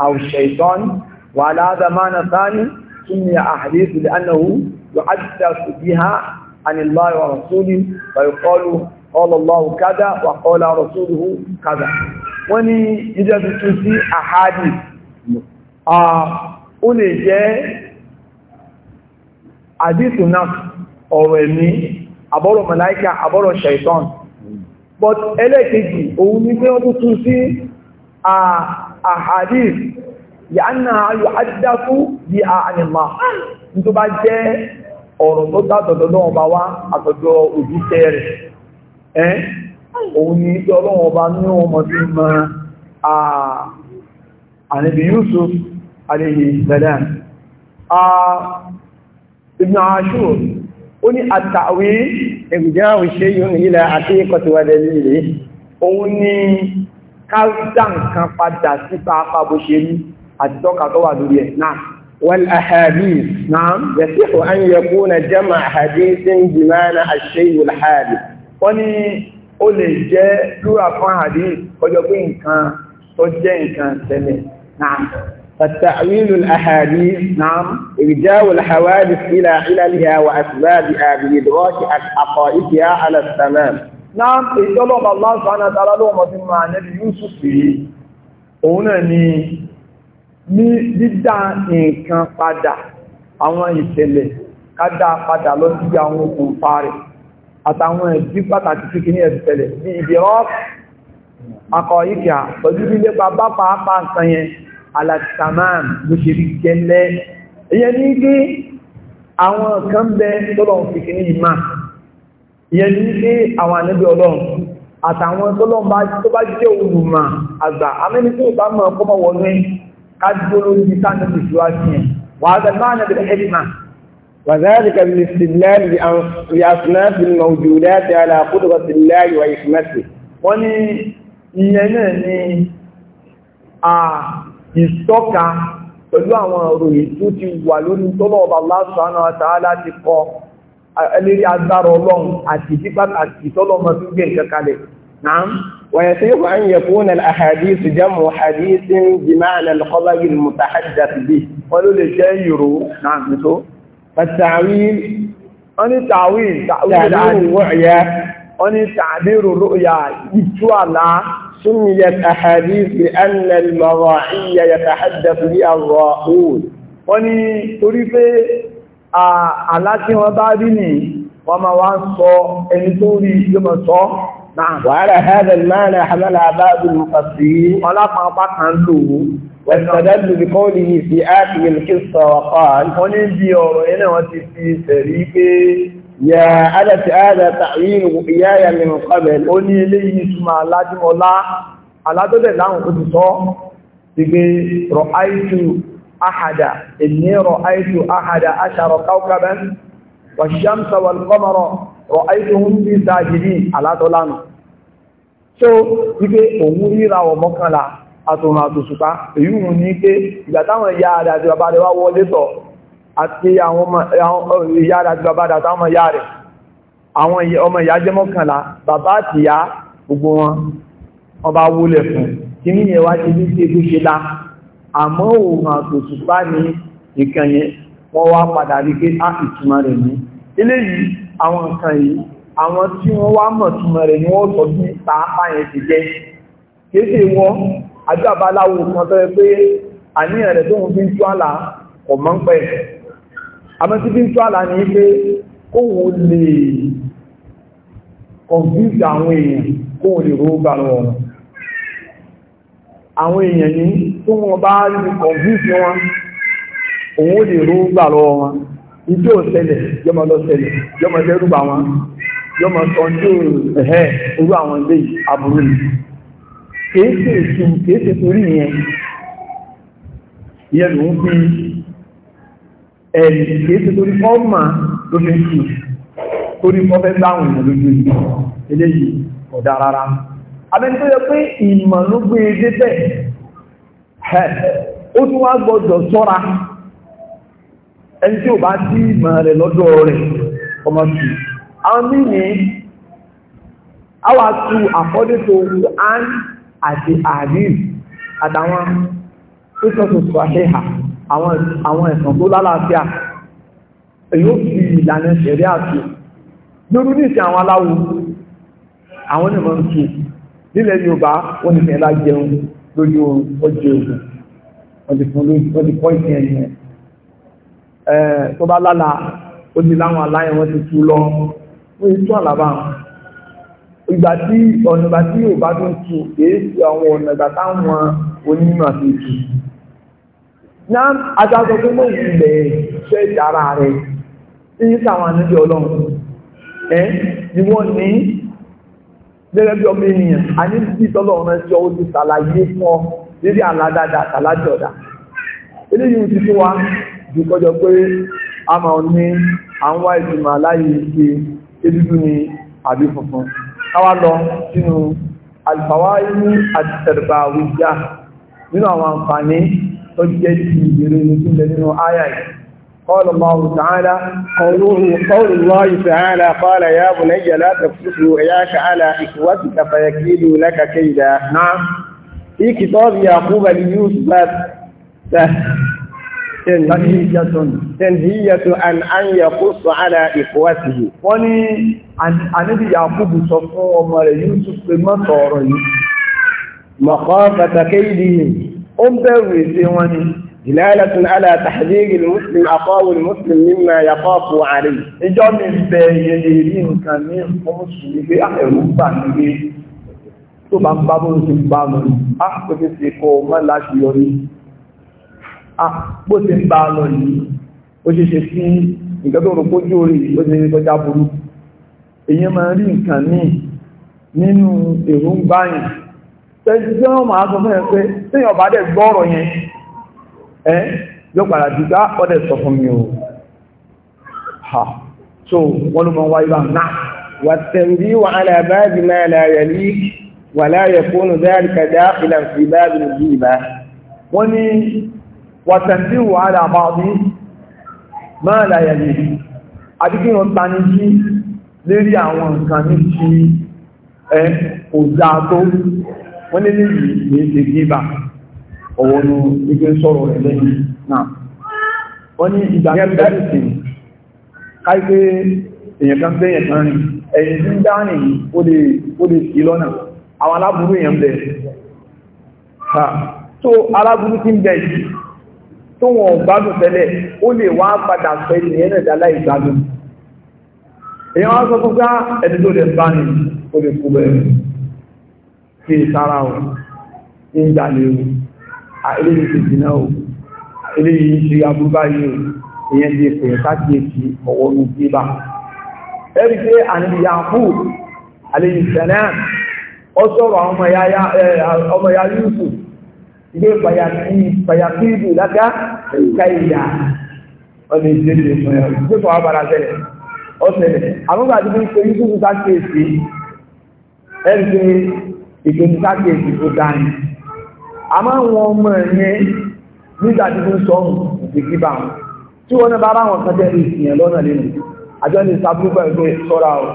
او شيطان وعلى هذا معنى ثاني سمي احاديث لانه يحدث بها عن الله ورسوله ويقال قال الله كذا وقال رسوله كذا وني إذا بتوسي أحاديث ó lè jẹ́ àdísù náà ọ̀rọ̀ ẹ̀mí àbọ̀rọ̀ màláíkà àbọ̀rọ̀ ṣẹ̀tọ́n but ẹlẹ́kejì òun ni pé wọ́n tó tún sí àhàdís yà náà yóò adídákú bí a ànìmá ní tó bá jẹ́ ọ̀rọ̀ tó tàtọ̀dọ̀ lọ́wọ́ bá wá àtọ̀dọ̀ òjíṣẹ́ rẹ̀ ẹ́ òun ni ìjọ ọlọ́wọ́ bá ní ọmọ mọ àníbì Yusuf alayhi salam àti tó wà lórí ẹ̀ náà والأحاديث نعم يصح أن يكون جمع حديث بمعنى الشيء الحادث wọ́n ní ó lè jẹ́ lúra fún hadith كان pé nǹkan tó jẹ́ نعم فالتأويل الأحاديث نعم إرجاء الحوادث إلى عللها وأسبابها بإدراك حقائقها على التمام نعم ìjọ́lọ́pàá Allah subhanahu wa ta'ala lọ́wọ́ mọ̀ sí máa nẹ́bí ní dídá nǹkan padà àwọn ìṣẹ̀lẹ̀ kádá padà lọ sí àwọn òkùnfà rẹ̀ àtàwọn ẹ̀bí pàtàkì fíkí ní ẹ̀bẹ̀lẹ̀ ní ibi ọ́pù akọ̀ ìkà pẹ̀lú ilé pa bá pàápà nǹkan yẹn alàtàmán ló ṣe rí gẹ́lẹ́ ìyẹn ní pé àwọn kan bẹ tọ́lọ̀n fíkí ní ìmá ìyẹn ní pé àwọn ànábì ọlọ́run àtàwọn tọ́lọ̀n tó bá jẹ́ olùmọ̀ àgbà amẹ́ni tó bá mọ̀ ọkọ́ mọ̀ wọ́n kájúló ní sáàdùn وهذا yẹn wà á dàgbà náà bẹ̀rẹ̀ ẹ̀dìmá وذلك بالاستدلال بأصناف الموجودات على قدرة الله وحكمته وني ní ìyẹn náà ni ìsọ́ka pẹ̀lú àwọn òròyìn tó ti wà lórí tọ́lọ̀ ọba Allah subhanahu wa ta'ala ti kọ ẹlérí agbára ọlọ́run àti ìdípàtàkì tọ́lọ̀ ọmọ tó gbé nǹkan kalẹ̀ نعم ويسيغ أن يكون الأحاديث جمع حديث بمعنى الخبر المتحدث به قالوا للشير نعم مثل فالتعويل أن التعويل تعويل الرؤيا أن تعبير الرؤيا إتوالا سميت أحاديث لأن المراعي يتحدث بها الراؤون wọ́n ní torí pé àlá tí wọ́n bá rí وعلى هذا المعنى حمل بعض المفسرين واستدل بقوله في آخر القصة وقال يا ألت هذا تعيين رؤياي من قبل أني لي اسم لازم الله على ذلك لهم كنت صور رأيت أحد إني رأيت أحد عشر كوكبا والشمس والقمر ọ̀ àìsùn bí sáàjìdì alátọ́lánà tó wípé òun ríra ọ̀ mọ́kànlá àtòrùn àtòṣùpá èyí mú ní pé ìgbà táwọn ìyá rẹ̀ àti bàbá rẹ̀ wá wọlé tọ̀ àti àwọn ìyá rẹ̀ àti bàbá rẹ̀ àtàwọn ìyá rẹ̀ àwọn ọmọ ìyá jẹ́ mọ́kànlá bàbá àti ìyá gbogbo wọn wọ́n bá wólẹ̀ fún kí ní ẹwà ti ní ṣe tó ṣe lá àmọ́ òun àtòṣùpá ní ìkànnì wọ́n wá padà rí pé á ah, ìtumọ̀ rẹ̀ ní eléyìí àwọn nǹkan yìí àwọn tí wọ́n wá mọ̀ túnmọ̀ rẹ̀ ni wọ́n sọ sí tààpá yẹn ti jẹ́ kéèkéè wọn àjọ àbáláwo kan tó yẹ pé àníyàn rẹ̀ tóun fi ń tú àlà kò mọ́ ń pẹ́ àmọ́ tí fi ń tú àlà ní pé kóun lè kọ̀ǹfíìsì àwọn èèyàn kóun lè rówó gbà lọ́wọ́ àwọn èèyàn ní tó bá rí kọ̀ǹfíìsì wọn òun lè rówó gbà lọ́wọ́ wọn ìjọ ṣẹlẹ̀ yọmọ lọ ṣẹlẹ̀ yọmọ dẹ́rù bà wọn yọmọ sọ ní ẹ̀hẹ́ orú àwọn ilé aburú ni kìí ṣe èsì kìí ṣe torí yẹn yẹn ló ń fi ẹ̀rì kìí ṣe torí ọmọ ló fi ń sùn torí ọfẹ́ dáhùn ìmọ̀ lójú ìlú eléyìí ọ̀dá rárá abẹ́ni tó yẹ pé ìmọ̀ ló gbé e débẹ̀ ó tún wá gbọ́dọ̀ sọ́ra ẹni tí ò bá tí ìmọ̀ rẹ̀ lọ́dọ̀ rẹ̀ ọmọ sí àwọn mímí àwà tu àkọ́dẹ́tò an àti àríf àtàwọn tó sọ́sọ̀sọ àṣẹ́hà àwọn ẹ̀sàn tó lálàáfíà èyí ó fi ìlànà ṣẹ̀rí àti lórí ní ìsìn àwọn aláwo àwọn ìmọ̀ ń tu nílẹ̀ Yorùbá wọ́n ní fẹ́lá jẹun lórí ọjọ́ ogun wọ́n ti fún lórí ọjọ́ ìsìn ẹ̀yìn Eh, tó bá lálàá ó ti láwọn aláyẹ̀ wọ́n ti tú lọ fún ìtú àlàbà ìgbà tí ọ̀nà ìgbà tí yóò bá tún tu èé sí àwọn ọ̀nà ìgbà táwọn onímọ̀ ti tu ní adájọ́ tó mọ̀ ìlẹ̀ ṣẹ́ ìdára rẹ̀ tí sáwọn àníjọ ọlọ́run ẹ́ ni wọ́n ní gẹ́gẹ́ bí ọmọ ènìyàn a ní bí tọ́lọ́run ẹjọ́ ó ti ṣàlàyé fún ọ lórí àládádá àtàlájọ̀dá eléyìí ti fún wa ju kọjọ pé a máa ní àwọn ìgbìmọ̀ aláyé ṣe ebíbú ni àbí funfun káwá lọ sínú alfàwáyé àti tẹ̀rẹ̀bàwíjá nínú àwọn àǹfààní tó jẹ́ ti ìbèrè ìpínlẹ̀ nínú àyà yìí قال الله تعالى قوله قول الله تعالى قال يا بني لا تفسد رؤياك على إخوتك فيكيدوا لك كيدا نعم في كتاب يعقوب ليوسف tẹ̀lẹ́yàtọ̀ àyàkóso ara ìfọwàtìyè. Wọ́n ní àníbì Yakubu sọ fún ọmọ rẹ̀ Yusuf pé mọ́tọ̀ ọ̀rọ̀ yìí. Mọ̀kọ́ pàtàkì ìdíyè, ó ń bẹ̀rù èsè wọn ni. Ìlàlẹ́tún alátàdírí Mùsùlùm àkọ́wùn Mùsùlùm nínú àyàkọ́ọ̀kù àrí. Ah, bó ti ń bá lọ yìí ó ṣe ṣe sí nǹkan tó rọ̀pọ̀ ojú orí ó ti rí kọjá burú èyàn máa rí nǹkan ní nínú èròǹgbáyìn tẹ́jú tí wọ́n máa sọ fún ẹ pé téèyàn bá dẹ̀ gbọ́ọ̀rọ̀ yẹn ẹ yóò padà dìgbà ọ̀dẹ̀ ah, sọ fún mi o ha so wọ́n ló máa ń wáyé bá náà والتنبيه على باب ما لا يليق ولا يكون ذلك داخلا في باب الغيبة wọ́n ní wàtẹ̀ntíwò alàmàbí máa láyẹ̀lẹ̀ àdíkí wọn tani jí lérí àwọn nǹkan ní ti ẹ kò dáa tó wọ́n lé níbi ìgbésẹ̀ gíbà ọ̀wọ́nú ike sọ̀rọ̀ rẹ̀ lẹ́yìn náà wọ́n ní ìgbà mẹ́rẹ̀ẹ́sì káìpé èèyàn kan bẹ́yẹn kan rìn ẹ̀yìn tí ń dáàrin ó lè sí lọ́nà àwọn aláburú èèyàn bẹ̀ so aláburú tí ń bẹ̀ yìí tó wọn ò gbádùn tẹ́lẹ̀ ó lè wá padà pẹ́ ní ẹ̀rẹ̀ dálá ìgbádùn èyàn wá sọ fún pé ah, ẹni tó lè bá ní ó lè kú bẹ́ẹ̀ kí sára ò ní ìdálé o eléyìí ti dìná o eléyìí ti abúgbá yìí o ìyẹn ti pè káàkiri ọwọ́ ní bíbá ẹ̀rí pé àníyàn àlè ìṣẹ̀lẹ̀ ọ sọ̀rọ̀ ọmọ ya Yúsùfù gbé fàyàfíìdù lága káyà ọdún ìdílé gbé fún abara tẹ́lẹ̀ ọ̀sẹ̀lẹ̀ àmúgbà tí wọ́n ṣe yíṣù ta kéèsì ẹ̀ṣẹ̀ ìgbésí ta kéèsì tó dání àmọ́ àwọn ọmọ ẹ̀yẹ nígbà tí wọ́n sọ ìdíkí bá wọn tí wọ́n náà bá bá wọn kọjá ìsìn ẹ̀ lọ́nà lẹ́nu àjọ ní ìsàbúrú pẹ̀lú pé sọ́ra ọ̀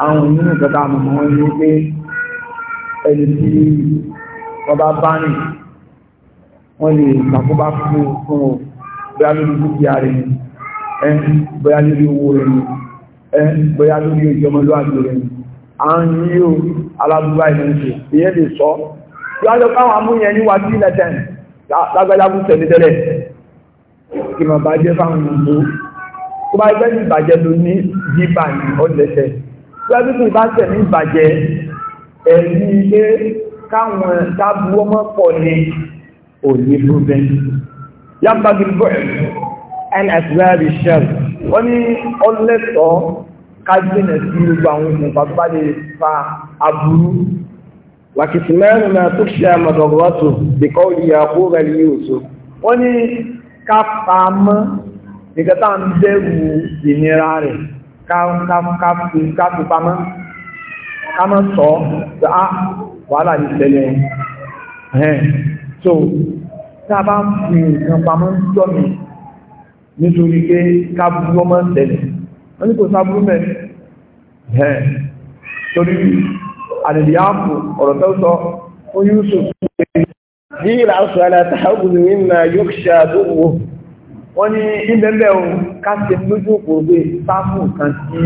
àwọn onínú kẹta àmọ́ wọn ní pé ẹni tí wọ́n bá bá rìn wọ́n lè ṣàkóbá fún fún bóyá lórí dúkìá rẹ̀ ni bóyá lórí owó rẹ̀ ni bóyá lórí ìjọmọlúwàjú rẹ̀ ni a ń yí o alábúgbà ìrìnṣẹ́ ìyẹ́ lè sọ lọ́jọ́ káwọn amúyẹn ní wà sí ilẹ̀tẹ̀ lágbàlábù tẹ̀lé tẹ́lẹ̀ kí ma bá jẹ́ fáwọn ìlú tó bá gbẹ́ ní ìbàjẹ́ ló ní bíbà ní ọ̀lẹ́tẹ̀ tó ẹbí tó bá tẹ̀ ní ìbàjẹ́ ẹ̀rí ilé káwọn tábú ọmọ pọ̀ ni òní fúnfẹ́. yàgbà gbogbo ẹn àtìláàrí shell wọ́n ní ọlẹ́tọ̀ kájínà sí gbogbo àwọn ìmọ̀fà bá lè fa aburú wàkìtì mẹ́rin náà tó ṣe àmọ̀dọ̀gbọ́tò bíkọ́ ìyàkó rẹ̀ yóò so wọ́n ní ká pa mọ́ nìkan tá à ń bẹ̀rù ìnira rẹ̀ ká fi pamọ́ ká mọ́ sọ ọ́ ah, wàhálà ìṣẹ̀lẹ̀ ẹ̀ so tá a bá fi nǹkan pamọ́ ń tọ́ mi nítorí pé kábúrú ọmọ tẹ̀lé wọ́n ní kò sábúrú mẹ́ ẹ̀ torí àdìdì áàpù ọ̀rọ̀ tó sọ fún Yusuf bí ìlàsọ aláta ọgbùn ìrìnà yóò ṣe àdúgbò wọ́n ní ìbẹ̀bẹ̀ o káṣẹ lójú òpòrò pé sáfù kan tí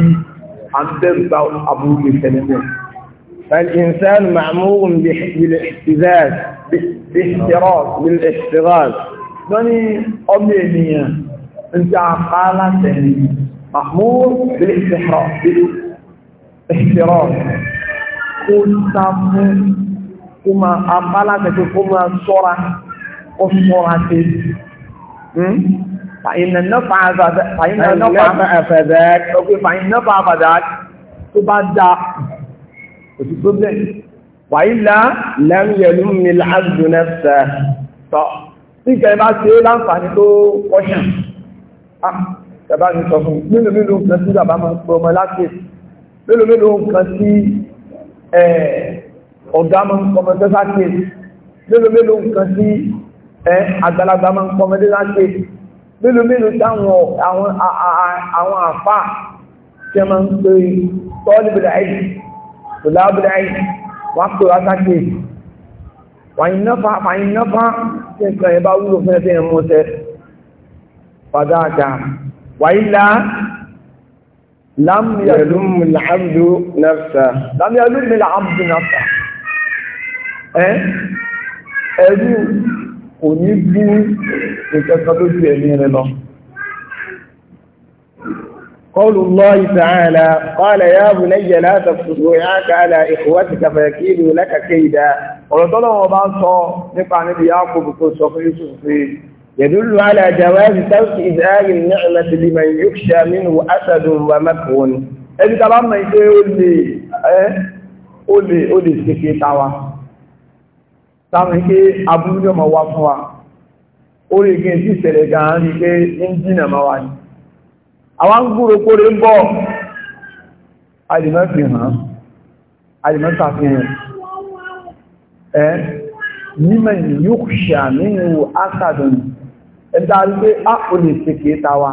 a ń bẹ̀rù gba àbúrú lè tẹ̀lé mẹ́rin فالإنسان معمور بالاحتذاب باحتراف بالاحتراف يعني أبنية أنت عقالة محمور بالاحتراف باحتراف كل سفر كما عقالة كما صورة وصورة فإن النفع فإن النفع فذاك فإن النفع فذاك تبدأ òtù problem wàílá lẹ́mìyẹ̀lú mi láàzùnẹ́sẹ̀ tọ́ tí ìkẹ̀rẹ̀ bá ṣe láǹfààní tó kọ́ṣàn àtàbá ah, ní sọ fún mélòó mélòó nǹkan tí bàbá máa pẹ ọmọ láti mélòó mélòó nǹkan tí ọ̀gá máa ń pọmọ tẹ́ láti mélòó mélòó nǹkan tí àgbàlagbà máa ń pọmọ tẹ́ láti mélòó mélòó táwọn àwọn àfà tí máa ń pè tọ́lùbìlà ẹ̀dì tòlábùdá yìí wọ́n pè wá sáké fàyín náfà fàyín náfà tí nǹkan ẹ̀ bá wúlò fún ẹ̀fẹ́ ẹ̀mú ọ̀sẹ̀ fàdáàdà wàílá lámìyàlúmìlà àbdù náfà ẹ̀rú kò ní bú ìkẹ́kọ̀ọ́ lójú ẹ̀mí rẹ̀ lọ قول الله تعالى قال يا بني لا تفسد رعاك على إخوتك فيكيدوا لك كيدا ورطلوا بعض نقع نبي يعقوب كل صفر يوسف يدل على جواز توسيد آل النعمة لمن يخشى منه أسد ومكر ẹbí tàbá mọ̀ ìpé ó lè ṣeké tàwa táwọn ìké abúrú ní ọmọ wa fún wa ó rí ìgbé tí ìṣẹ̀lẹ̀ gan-an rí pé àwọn gbúrò kó rí bọ́ alìmọ́ fi hàn alìmọ́ sàfihàn ẹ́ mímọ̀ yóò ṣàmínú ásàdùn ẹ̀dà wípé a ah, kò lè ṣe kìí ta wa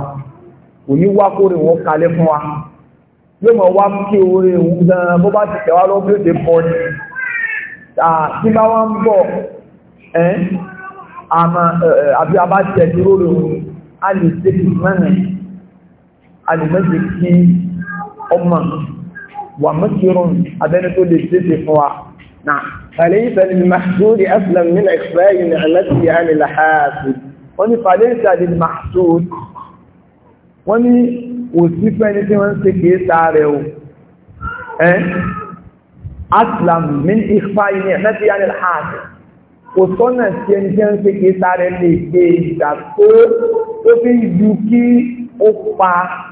kò ní wá kó rí wọ́n kalẹ̀ kí orí ìwú gan bó bá ti tẹ̀wá lọ bí ó ti pọ̀ ní tí bá wá ń bọ̀ ẹ́ àbí abá ti ẹ̀ dúró rí wọn a lè ṣe kìí alìmọ́sí kí ọmọ wà mọ́sírùn abẹ́ni tó lè tẹ́sẹ̀ fún wa náà فليس للمحسود أسلم من إخفاء نعمته عن الحاسد wọ́n ní فليس للمحسود wọ́n ní òsífẹ́ ní tí wọ́n ń ṣe kìí sáàrẹ̀ o ẹ́ aslam min ìfà ìní ẹ̀mẹ́tí yà ní ààrẹ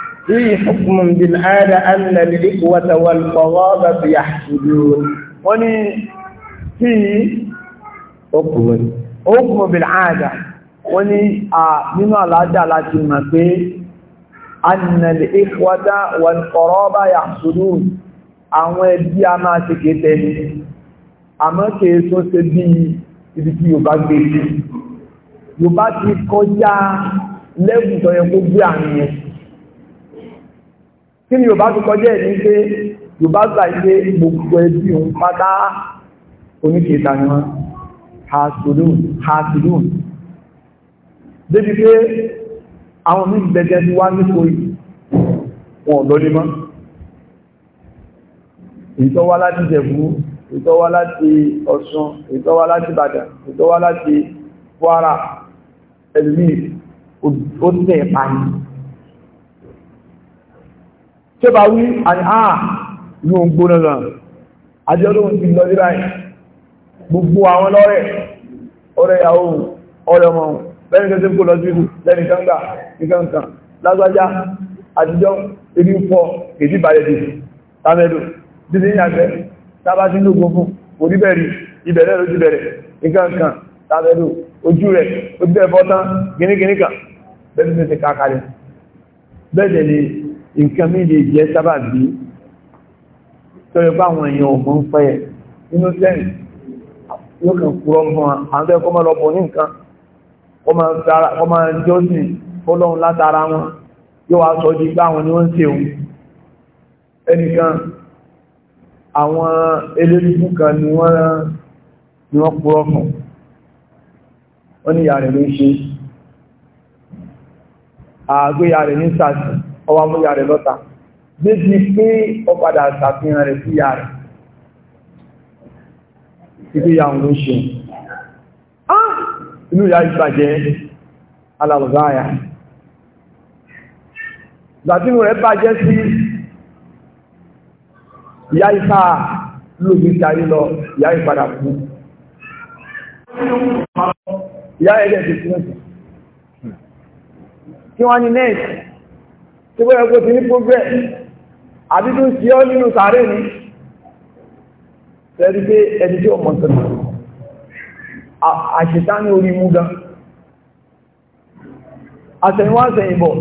في حكم بالعادة أن الإخوة والقرابة يحسدون وني في حكم حكم بالعادة وني من العادة التي ما فيه أن الإخوة والقرابة يحسدون àwọn ẹbí a máa ṣe kéte ní àmọ́ kèé tó ṣe bí ibi tí Yorùbá gbé sí Yorùbá ti kọjá lẹ́gùn tó kó gbé àmì yẹn kí ni yorùbá tó kọjá ẹ̀ ní pé yorùbá gbà pé gbogbo ẹbí òun pátá oníkèéta ni wọn hasidun hasidun débi pé àwọn míì gbẹgẹ ti wá nípo yìí wọn ò lọlé mọ́ ìtọ́wá láti jẹ̀bú ìtọ́wá láti ọ̀ṣun ìtọ́wá láti ìbàdàn ìtọ́wá láti kwara ẹ̀lú ó tẹ̀ pàyìn tí ó bá wí àà ní òun gbóná náà àti ọlọ́run ti lọ nílá gbogbo àwọn lọ́rẹ̀ ọ̀rẹ́ ìyàwó ọ̀rẹ́ ọmọ lẹ́ni tó tí kò lọ síbù lẹ́ni kanga nìkankan lágbájá àtijọ́ ibi pọ̀ èdè ìbàlẹ̀ dì tàbẹ̀dù títí ní àgbẹ̀ tábà sí ló gbogbo oníbẹ̀rì ìbẹ̀rẹ̀ ló ti bẹ̀rẹ̀ nìkankan tàbẹ̀dù ojú rẹ̀ ojú ẹ̀fọ́ tán gínígíníkan bẹ́ẹ̀ nǹkan mi lè jẹ́ sábàbí tọ́yọ bá àwọn èèyàn ọmọ ń pẹ́ inú sẹ́yìn yóò kàn kúrọ́ mọ́ àwọn tẹ́ kọ́ máa lọ bọ̀ ní nǹkan kọ́ máa jọ́sìn fọ́lọ́run látara wọn yóò wá sọ di pé àwọn ni wọ́n ń ṣe òun ẹnìkan àwọn eléríkú kan ni wọ́n ni wọ́n kúrọ́ fún wọ́n ní ìyá rẹ̀ ló ń ṣe àgbéyà rẹ̀ ní sàtì ọwọ́ amúyà rẹ̀ lọ́ta débi pé ó padà ṣàfihàn rẹ̀ sí ya rẹ̀ títí ya òun ṣe inú ya ìgbàjẹ́ alàlùzáyà ìgbàtínú rẹ̀ bàjẹ́ sí ìyá ìfà lóbi tàrí lọ ìyá ìpadà kú ìyá ẹ̀rẹ́ ti fún kí wọ́n ni nẹ́ẹ̀sì tí bóyá kó ti ní progress àbí tó ń ṣe ọ́ nínú sàárè ni sẹ́rí pé ẹni tí ọmọ sọ̀rọ̀ àṣetá ní orí mú gan àtẹ̀yìnwá àtẹ̀yìnbọ̀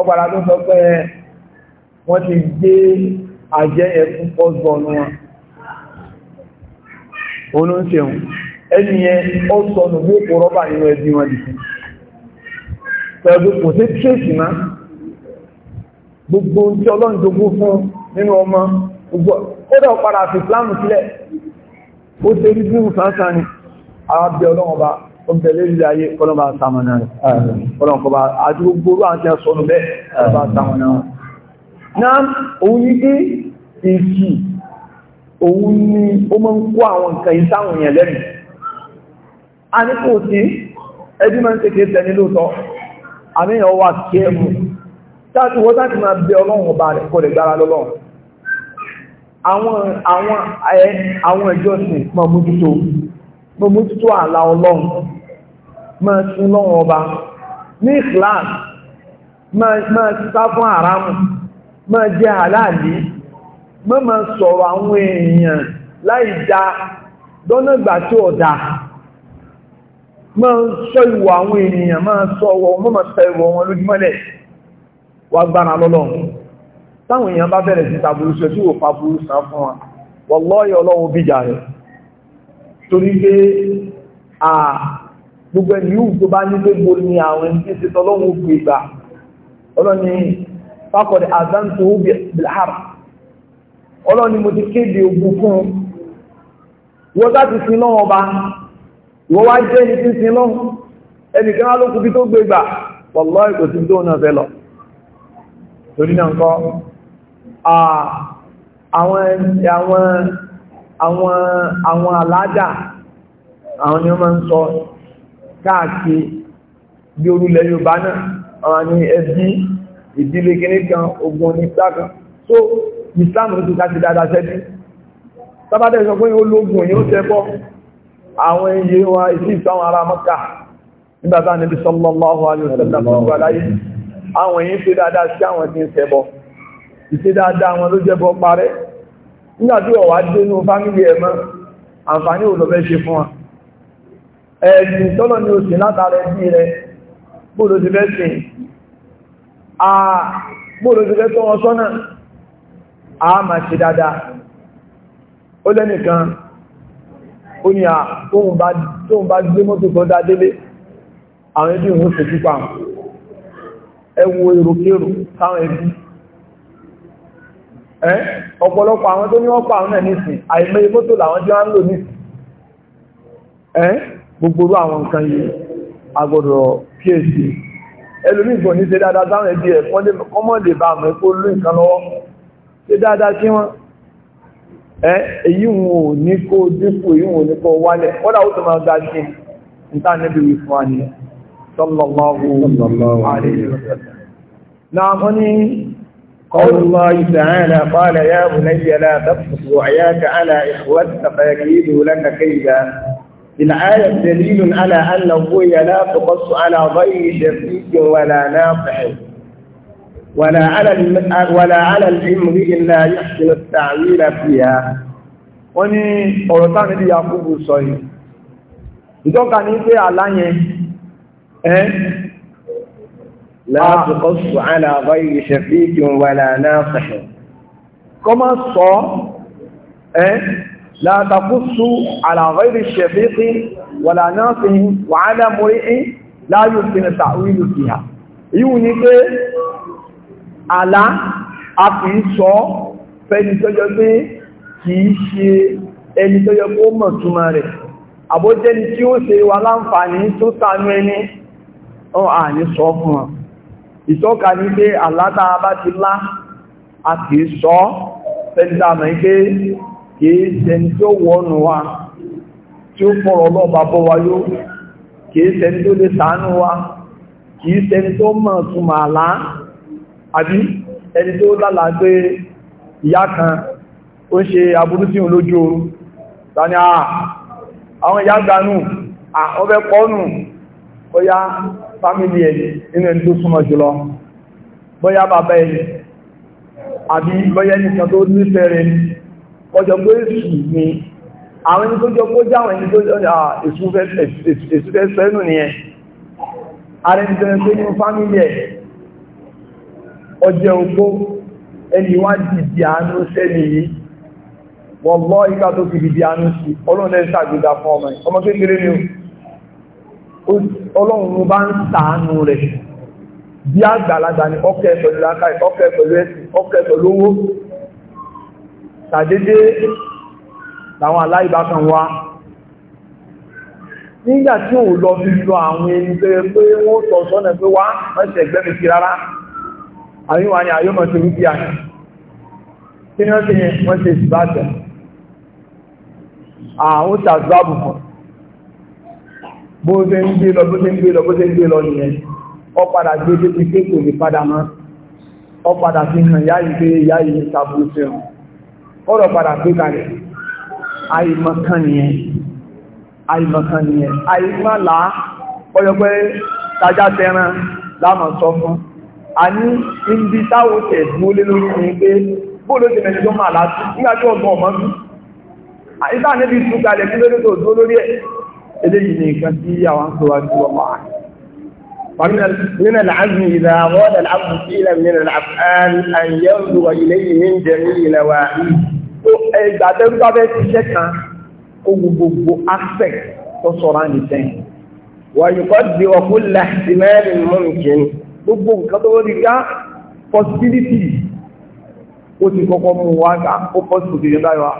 ọgbàrá tó sọ pé wọ́n ti gbé àjẹ́ ẹkùn pọ́sbọ̀nù wọn olóńṣẹ̀hùn ẹni yẹn ó sọnù bí ó kò rọ́bà nínú ẹbí wọn dìkú pẹ̀lú kò sí tírèsì náà gbogbo tí ọlọ́run jogún fún nínú ọmọ gbogbo kódà padà fi ìsìláàmù sílẹ̀ ó ṣe rí fún sáńsá ni àbẹ̀ ọlọ́run bá ọ̀bẹ̀lẹ̀ ilẹ̀ ayé kọlọ́bà sàmànà ọlọ́nkọba àti gbogbo àti ẹ̀sọ́nù bẹ́ ọlọ́bà sàmànà náà òun ní kí èsì òun ni ó mọ́ ń kó àwọn wà kí ẹmù táàtì wọ́n táàtì máa bẹ ọlọ́run ọba rẹ̀ kọ́ lè gbára lọ́lọ́run àwọn ìjọsìn máa mójútó máa mójútó àlà ọlọ́run máa sin lọ́run ọba ní ìkìláàsì máa sá fún àrámù máa jẹ àláàlì máa máa sọ̀rọ̀ àwọn èèyàn láì dá dọ́nà ìgbà tí ó dá máa sọ ìwà àwọn ènìyàn máa sọ ọwọ́ máa sọ ìwọ̀ wọn lójúmọ́lẹ̀ wá gbára lọ́lọ́run táwọn èèyàn bá bẹ̀rẹ̀ sí tàbùrú sí ojú òpá burú sá fún wa wallahi ọlọ́run bíjà rẹ̀ torí pé à gbogbo ẹni yóò tó bá ní gbogbo ni àwọn ẹni tí tọ́lọ́run òkú ìgbà ọlọ́ni fákọ̀dé àdáǹtò bilhar ọlọ́ni mo ti kéde ogun fún wọ́n láti sin lọ́wọ́ ọba wallahi kò sí tó torí náà kọ́ àwọn alájà àwọn ni wọ́n máa ń sọ káàkiri bí orúlẹ̀ Yorùbá náà àwọn ni ẹbí ìdílé kìíní kan ogun onígbà kan so Islam ló ti ká ti dáadáa sẹ́bí sábádẹ́ sọ pé ológun yóò tẹ́bọ́ àwọn iye wa ìsí ìsáwọn ará Mọ́kà nígbàtà níbi sallallahu alaihi wasallam àwọn èyí ṣe dáadáa sí àwọn tí ń ṣẹbọ ìṣe dáadáa wọn ló jẹ́bọ parẹ́ nígbàtí ọ̀wá dénú fámílì ẹ̀ mọ́ àǹfààní ò lọ fẹ́ ṣe fún wa ẹ̀sìn tọ́lọ̀ ni ó sì látara ẹbí rẹ bóòlò ti fẹ́ sìn àà bóòlò ti fẹ́ tọ́ wọn sọ́nà a máa ṣe dáadáa ó lẹ́nìkan ó ní à tóun bá gbé mọ́tò tó dá délé àwọn ẹbí òun ṣe pípa àwọn ẹwọ èròkèrò táwọn ẹbí ẹ́ ọ̀pọ̀lọpọ̀ àwọn tó ní wọ́n pa àwọn ẹ̀ nísìn àìmọ́ imótò làwọn tí wọ́n ń lò nísìn ẹ́ gbogbo àwọn nǹkan yìí agbọ́dọ̀ kíyèsí ẹlòmí ìgbọ̀n ní ṣe dáadáa táwọn ẹbí ẹ̀ kọ́mọ̀ lè bá àmọ́ ẹ̀kọ́ lú nǹkan lọ́wọ́ ṣe dáadáa kí wọ́n ẹ́ èyí wọn ò ní kó dípò èyí wọn ò ní kó wálẹ̀ kọ́dà ó tó máa ga sí ní tá صلى الله عليه وسلم نعم هني قول الله تعالى قال يا بني لا تبسط رعياك على إخوتك فيكيدوا لك كيدا الآية دليل على أن الرؤيا لا تقص على غير شفيق ولا ناصح ولا على ولا على الامرئ إلا يحسن التعويل فيها وني ní ọ̀rọ̀ táwọn ilé yakubu sọ yìí ìtọ́ka ní láti kọ́sù aláàbá ìṣẹ́ fi kí n wà náà sàṣẹ̀ kọ́ máa sọ ẹ́ látàkùsù aláàbá ìṣẹ́ fi kí wà náà sí wàhálà mọ́rí láyò sí ní tàwílù sí ha yíò ní pé àlá a kì í sọ fẹ́ni tọ́jọ́ pé kì í ṣe ẹni tọ́jọ́ pé ó mọ̀ túnmọ̀ rẹ̀ àbójẹ́ni tí ó ṣe wà láǹfààní tó sànú ẹni ọ àní sọ fún wọn ìtọ́ka ní pé àlátà bá ti lá a kìí sọ fẹ́ntàmà pé kìí sẹni tí ó wọ́nù wa tí ó fọ́rọ̀ lọ́ba bọ́ wa yóò kìí sẹni tó lè ṣàánú wa kìí sẹni tó mọ̀ túnmà àlá àbí ẹni tó lálà pé ìyá kan ó ṣe aburú sí òun lójú oru tani àwọn ìyá gbanú àwọn ọbẹ̀ pọ́nù ó yá fámílì ẹ̀ nínú ẹni tó súnmọ́ jùlọ bóyá bàbá ẹ̀ àbí bóyá ẹnìkan tó nífẹ̀ẹ́ rẹ̀ ọjọ́ pé èsù ni àwọn ẹni tó jọ pé jáwọn ẹni tó èsùfẹ́ sẹ́nu nìyẹn ààrẹ ti tẹ́lẹ̀ pé nínú fámílì ẹ̀ ọjọ́ òpó ẹni wá dìdì àánú sẹ́ni yìí wọ́n lọ́ ìgbà tó fi dìdì àánú sí ọlọ́run ẹ̀ sàgbéga fún ọmọ ọmọ kékeré ni ọlọ́run bá ń sàánú rẹ̀ bí àgbàlagbà ni ọkẹ́ pẹ̀lú lákàí ọkẹ́ pẹ̀lú ẹ̀sìn ọkẹ́ pẹ̀lú owó tàdédé làwọn aláìbákan wá nígbà tí ò lọ fi lọ àwọn ẹni pé pé wọ́n sọ sọ́nà pé wá mẹ́sẹ̀ gbẹ́mi sí rárá àríwá ni àyọ́mọ̀ ti rú bí i kí ni wọ́n ṣe yẹn wọ́n ṣe bó ṣe ń gbé lọ bó ṣe ń gbé lọ bó ṣe ń gbé lọ nìyẹn ọ padà gbé pé kò ọ padà fi hàn yá yìí pé yá yìí sí ọ padà gbé kalẹ̀ àìmọ̀kan nìyẹn àìmọ̀kan nìyẹn tajá tẹran sọ fún a ní ibi lórí pé tó máa ọmọ níbi kí tó eléyìí ni nǹkan tí àwọn ń sọwá sí ọmọ àti ومن العزم إذا غاد العبد فينا من الأفعال أن ينظر إليه من جميع نواحيه ìgbàtẹ́rú bá bẹ́ ti ṣẹ́ kan ó gbogbo aspect tó sọ̀rọ̀ ní sẹ́yìn wàyí kọ́ di ọkùn láti mẹ́rin mú nìkíní gbogbo nǹkan tó rí ká possibility ó ti kọ́kọ́ mú wá ká ó possibility yẹn báyọ̀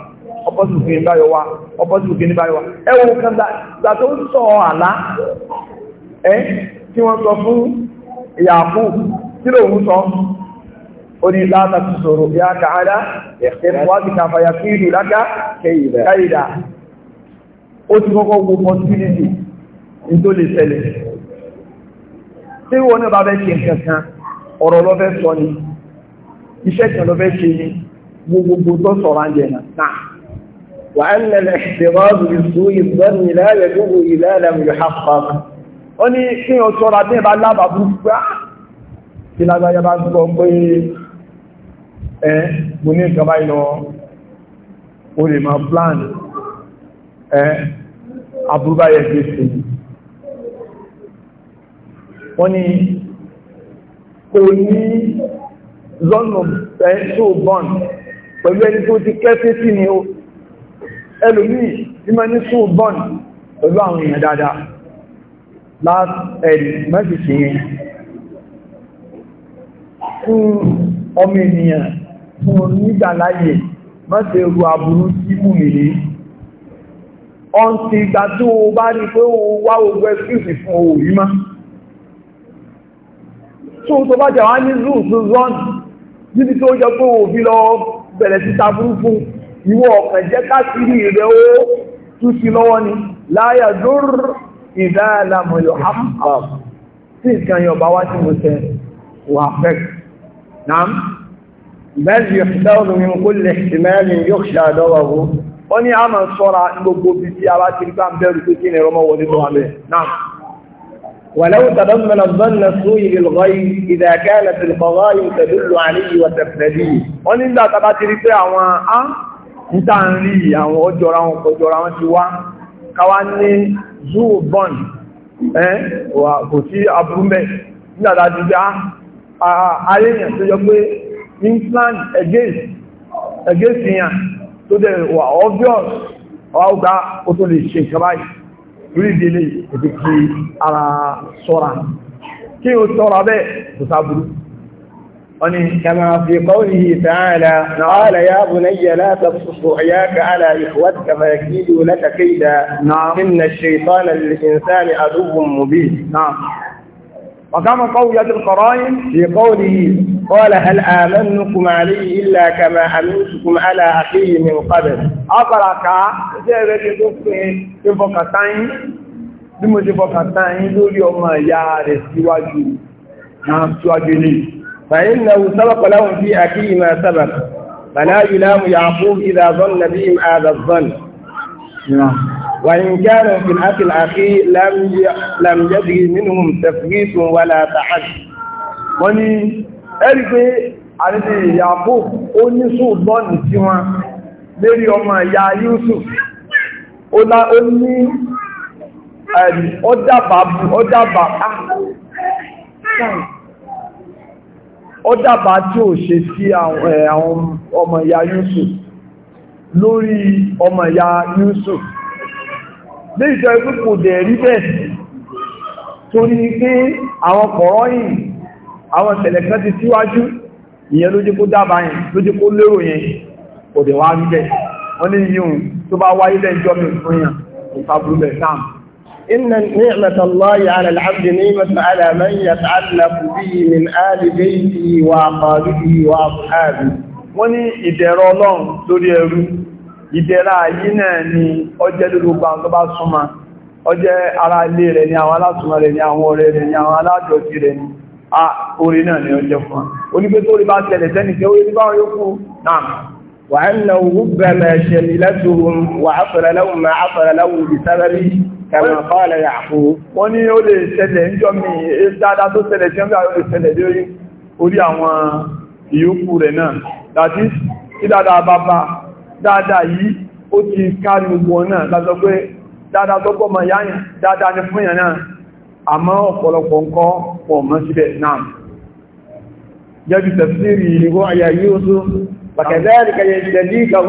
opposite kìíní báyọ̀ wá opposite kìíní báyọ̀ wá ẹwọ kan gbà tó ń sọ àlá ẹ́ tí wọ́n sọ fún ìyàfú tí ló ń sọ ó ní láta ti sọ̀rọ̀ ya kàádá ẹ̀kẹ́fọ́wàkìta fàyàfíìlú lága kẹ́ìdá ó ti kọ́kọ́ wo possibility ní tó lè ṣẹlẹ̀ tí wọ́n náà bá fẹ́ ṣe nǹkankan ọ̀rọ̀ lọ́fẹ́ sọ ni iṣẹ́ kan ṣe ni gbogbogbò tó sọ̀rọ̀ àjẹ̀ náà وأن الاحتراز بسوء الظن لا يجوز إذا لم يحقق ó ní kí o ṣọ́ra bí ẹba lábàbú gbá ah! kí lágbàáyá bá gbọ́ pé ẹ mo ní ìjọba ìlọ o lè máa plan ẹ àbúrúbá yẹ kí ṣe wọ́n ní kò ní zọ́nà ẹ̀ tó bọ́n pẹ̀lú ẹni tó ti kẹ́fẹ́ sí ni o ẹlòmíì tí ma ní sùn bọ́n pẹ̀lú àwọn èèyàn dáadáa last ẹ̀rì eh, mẹ́sìsì yẹn fún ọmọ ènìyàn fún onígbàláyè mọ́sẹ̀ ẹrù àbúrú sí mú nìlé ọ̀n ti ìgbà tí o bá rí pé o wá ogun ẹ̀fíìsì fún owó yìí má tó tó bá jà ní zoo tó rọ́n níbi tó jẹ pé òbí lọ bẹ̀rẹ̀ sí taburú ìwọ ọ̀pẹ̀ jẹ́ káàkiri rẹ̀ ó tún sí lọ́wọ́ ni láyà dúró ìdá àlàmọ̀lò hapap tí ìkan yọba wá tí mo tẹ wà fẹ́ náà bẹ́ẹ̀lì ìfẹ́ olómin kó lè ìmẹ́rin yóò ṣe àdọ́wàwó ó ní a máa sọ́ra gbogbo bí tí a ti gbá bẹ́rù tó kí ni rọmọ wọlé tó wà bẹ́ẹ̀ náà ولو تضمن الظن سوء للغيب إذا كانت الفضائل تدل عليه وتفتديه ونبدأ تباتي رفع وآه níta ń rí àwọn ọjọ́ra wọn kọjọ́ra wọn ti wá káwá ní zoo bond ẹ́ kò sí abúrúmẹ́ nígbàtà ti já aréyàn tó yọ pé England against yàn tó dẹ̀ wà obvious ọwá ọgbà ó tó lè ṣe ìkàbá lórí ìdílé ara sọ́ra kí o sọ́ra bẹ́ẹ̀ sáburú كما في قوله تعالى نعم. قال يا بني لا تبصص رؤياك على إخوتك فيكيدوا لك كيدا نعم إن الشيطان للإنسان عدو مبين نعم وكما قول ابي القرائن في قوله قال هل آمنكم عليه إلا كما أمنتكم على أخيه من قبل أقرأك ìfọkàtáyín bí mo ti fọkàtáyín lórí ọmọ نعم rẹ̀ síwájú فإنه سبق لهم في أخيه ما سبق فلا يلام يعقوب إذا ظن بهم هذا الظن وإن كانوا في الأخ الأخير لم لم يجري منهم تفريط ولا تحد wọ́n ní ẹ̀rí pé àrídì ìyàbò ó ní ṣùgbọ́nì tí wọ́n lérí ọmọ ìyá Yusuf ó ó dábàá tí ò ṣe sí eh, àwọn ọmọ ìyá Yusuf lórí ọmọ ìyá Yusuf ní ìjọ ikú kò dẹ̀ rí bẹ́ẹ̀ torí pé àwọn kọ̀rọ̀ yìí àwọn ìṣẹ̀lẹ̀ kan ti síwájú ìyẹn ló jẹ́ kó dábàá yìí ló jẹ́ kó lérò yẹn kò dẹ̀ wá rí bẹ́ẹ̀ wọ́n ní yíò tó bá wáyé lẹ́jọ́ mi fún yàn kò bẹ̀ sáàmù إن نعمة الله على العبد نعمة على من يتعلق به من آل بيته وأقاربه وأصحابه wọ́n ní ìdẹ̀rọ ọlọ́run lórí ẹrú ìdẹ̀ra yìí náà ni ọjẹ́ lórúkọ àwọn tó bá súnmọ́ ọjẹ́ ara ilé rẹ̀ ni àwọn alásùnmọ́ rẹ̀ ni àwọn ọ̀rẹ́ rẹ̀ ni àwọn alájọ́sí rẹ̀ ni a orí náà ni ọjẹ́ fún onígbé tó rí bá tẹ̀lẹ̀ tẹ́nìkẹ́ orí bá yókù náà wà ń na Ẹ̀wọ̀n kọ́ọ̀lẹ̀ yàkú. Wọ́n ní ó lè ṣẹlẹ̀ ń jọ mi e dáadáa tó ṣẹlẹ̀ tí ó ń gbà lè ṣẹlẹ̀ lórí orí àwọn ìyókù rẹ̀ náà. Dàtí tí dáadáa bá dáadáa yìí ó ti kárí gbogbo náà lásọ pé dáadáa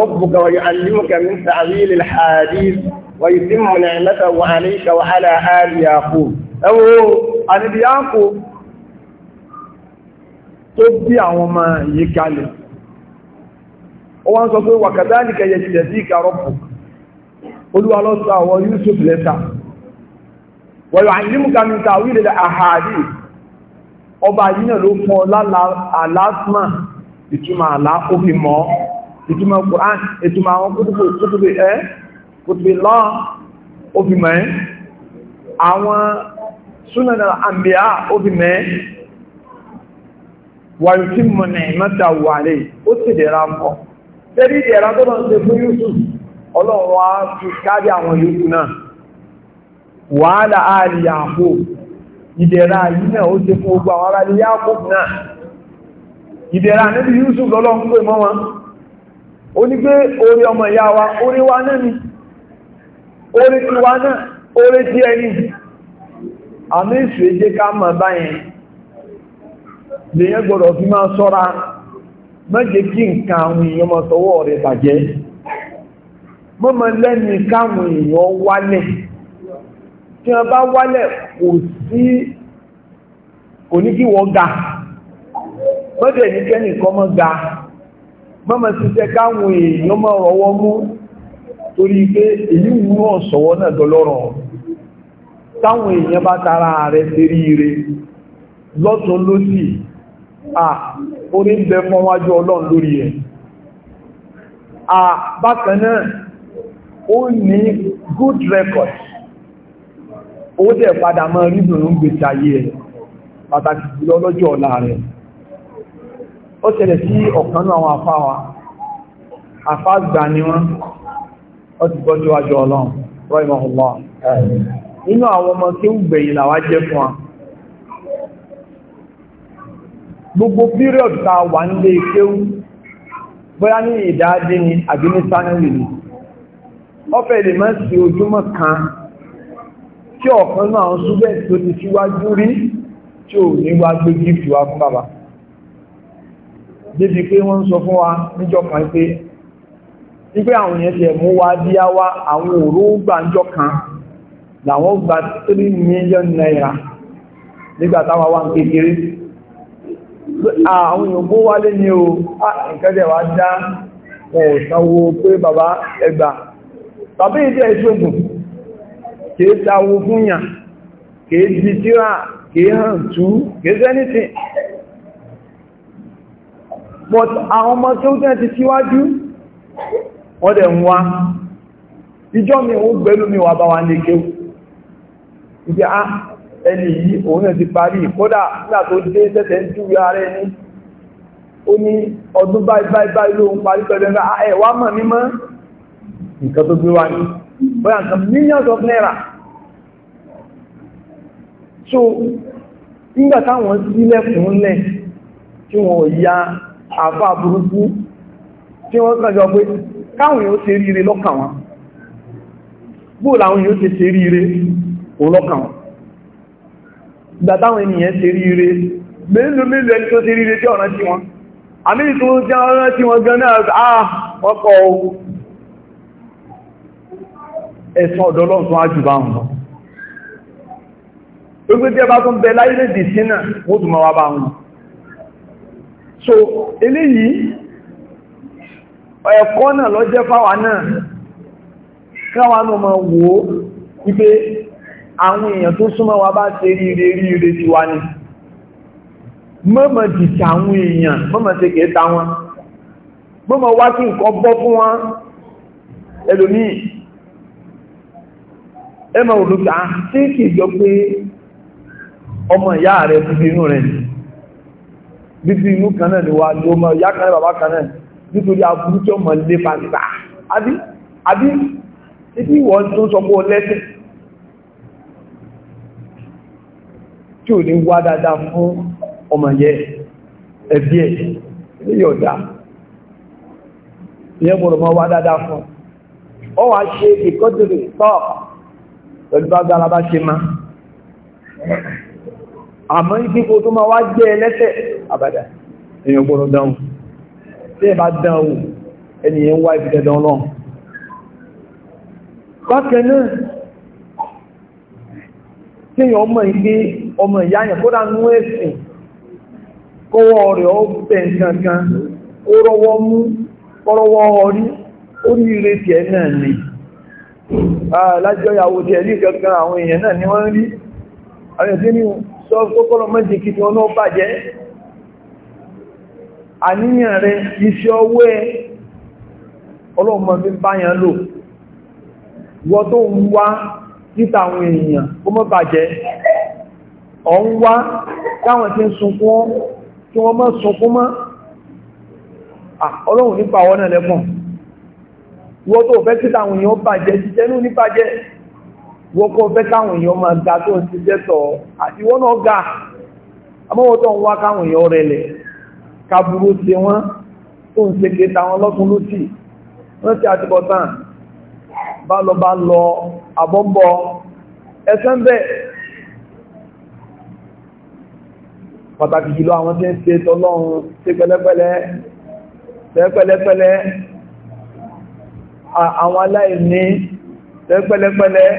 ربك ويعلمك من تعويل الحديث ويتم نعمته عليك وعلى آل يعقوب ẹwọ́ àníbi yáàkó tó bí àwọn ọmọ yìí kalẹ̀ وكذلك يجتبيك ربك olúwa ló sọ àwọn Yusuf lẹ́ta wa yu'allimuka min ta'wil al-ahadith ọba yìí náà ló fún ọ lálá àlásmà ìtumọ̀ àlá ituma fi mọ́ ìtumọ̀ kùtùbìlá obìmẹ́ àwọn súnàdà àmìyà obìmẹ́ wà yóò tí mọ̀ ní mẹ́ta wà lè ó sì dẹ̀ra mọ́ tẹ́rí ìdẹ̀ra tó lọ sí fún Yusuf ọlọ́run wá fi kárí àwọn Yusuf náà wàhálà ààrì yàkó ìdẹ̀ra yìí náà ó ṣe fún ogbà wàhálà ní yàkó náà ìdẹ̀ra níbi Yusuf lọ́lọ́run pè wọn ó ní pé orí ọmọ ìyá wa orí wa náà ni orí tí wá náà orí tí ẹni àmì ìsù èjé ká mọ̀ báyẹn lèyẹn gbọ́dọ̀ fi máa sọ́ra mẹ́jẹ kí nǹkan àwọn èèyàn mọ̀ sọ́wọ́ rẹ̀ bàjẹ́ mọ́mọ lẹ́ni káwọn èèyàn wálẹ̀ tí wọ́n bá wálẹ̀ kò sí kí ga mọ́jẹ̀ ní kẹ́nìkan mọ́ ga káwọn èèyàn torí pé èyí wúrọ̀ ọ̀sọ̀wọ́ náà dọlọ́rọ̀ táwọn èèyàn bá tara rẹ̀ tẹ́rí rẹ̀ lọ́tún lósì à orí ń bẹ fún wájú ọlọ́run lórí ẹ̀ à bákan ó ní good record ó dẹ̀ padà mọ́ rídùn ń gbèsè ayé ẹ̀ pàtàkì jùlọ lọ́jọ́ ọ̀la rẹ̀ ó ṣẹlẹ̀ sí ọ̀kan àwọn àfáwà àfáàgbà ni wọ́n ó ti gbọ́ síwájú ọlọ́run rọ́ìmọ̀ ọlọ́ àwọn ọmọ tí ó gbẹ̀yìn làwá jẹ́ fún wa gbogbo period ta wà nílé kéwú bóyá ní ìdáadé ni àbí ní sanúlì ni ọ̀fẹ́ lè má sí ojúmọ́ kan tí ọ̀kan náà súbẹ̀ tó ti síwájú rí tí ò ní wá gbé wá fún sọ fún wa kan wípé àwọn èèyàn ti ẹ̀mú wá bí á wá àwọn òró gbàǹjọ́ kan làwọn gba 3 million naira nígbà táwa wà ń kékeré àwọn èèyàn gbó wálé ní o ìkẹ́dẹ̀ wá dá wọn ò sanwó pé bàbá ẹgbà tàbí ìdí kìí kìí di tíra kìí hàn tú kìí but àwọn ọmọ tó tẹ́ ti wọ́n dẹ̀ ń wá ìjọ́ mi ó gbẹ́lú mi wà bá wà ní kéwù ìgbé á ah, ẹni yìí òun náà ti parí kódà nígbà tó dé tẹ́tẹ́ ń júwe ara ẹni ó ní ọdún báyìí báyìí báyìí lóun parí pẹ̀lú ẹgbẹ́ ah, mọ̀ mímọ́ nǹkan tó gbé wá ní bóyá nǹkan millions of naira so nígbà táwọn sílẹ̀kùn lẹ̀ tí wọ́n ya àfà burúkú tí wọ́n kàjọ pé káwọn èèyàn ṣe ríire lọ́kàn wọn bóò láwọn èèyàn ṣe ṣe ríire òun lọ́kàn wọn ìgbà táwọn ènìyàn ṣe ríire mélòó mélòó ẹni tó ṣe ríire tí ọ̀rán sí wọn àmì tó jẹ́ ọ̀rán sí wọn gan náà ah, ọkọ̀ ẹ̀sùn ọ̀dọ́lọ́n tó ájù bá wọn gbogbo tí ẹ bá tún bẹ láyé lè dì sínà wọ́n tún máa so eléyìí ẹ̀kọ́ náà lọ jẹ́ fáwa náà káwa náà ma wò ó wípé àwọn èèyàn tó súnmọ́ wa bá ṣe ríire ríire ti wá ní mọ́mọ̀ jìtà àwọn èèyàn mọ́mọ̀ ṣe kẹta wọn mọ́mọ̀ wá kí nǹkan bọ́ fún wọn ẹlòmíì ẹmọ olùgbà tí kì jọ pé ọmọ ìyá rẹ̀ bíbí inú rẹ̀ bíbí inú kan náà ni wà ló mọ̀ ìyá kan náà bàbá kan náà nítorí aburú tí ọmọ lé fàǹtà àbí àbí títí ìwọ̀n tó sọ pé ọlẹ́sìn tí ò ní wá dáadáa fún ọmọ yẹ ẹbí ẹ̀ ilé yọ̀dá ìyẹ́ gbọ́dọ̀ mọ́ wá dáadáa fún ọ wá ṣe ìkọ́jọ́rì tọ́ pẹ̀lú bá gbára bá ṣe má àmọ́ ìdíkò tó máa wá jẹ́ ẹlẹ́sẹ̀ àbádà èèyàn gbọ́dọ̀ dáhùn tí ẹ bá dán wò ẹniyàn wá ìfẹ́ dandan náà bákan náà tí èèyàn ọmọ ìgbé ọmọ ìyá yẹn kódà nú ẹ̀sìn kọwọ́ rẹ̀ ó bẹ̀ kankan ó rọwọ́ mú kọ́rọwọ́ orí orí ìrètí ẹ̀ náà ni lájọ́yàwó tí ẹ̀lú kankan àwọn èèyàn náà ni wọ́n rí àwọn èèyàn tí ní sọ kọ́kọ́rọ̀ mẹ́jì kí tí wọ́n náà bàjẹ́ àníyàn rẹ̀ iṣẹ́ ọwọ́ ẹ ọlọ́mọ lò wọ́n tó ń wá títà àwọn èèyàn kó mọ́ bàjẹ́ ọ ń wá káwọn tí ń sunkún tí wọ́n mọ́ sunkún mọ́ ọlọ́run nípa ọwọ́ náà lẹ́kùn tó fẹ́ títà àwọn èèyàn bàjẹ́ ní kaburú ṣe wọ́n tó ń ṣeke tàwọn lọ́kùn lóṣì wọ́n ti àtibọ̀tán bá lọ bá lọ àbọ́mbọ́ ẹsẹ́ ń bẹ̀ pàtàkì jùlọ àwọn tí ń ṣe tọ́lọ́run ṣe pẹ̀lẹ́pẹ̀lẹ́ àwọn aláìní ṣe pẹ̀lẹ́pẹ̀lẹ́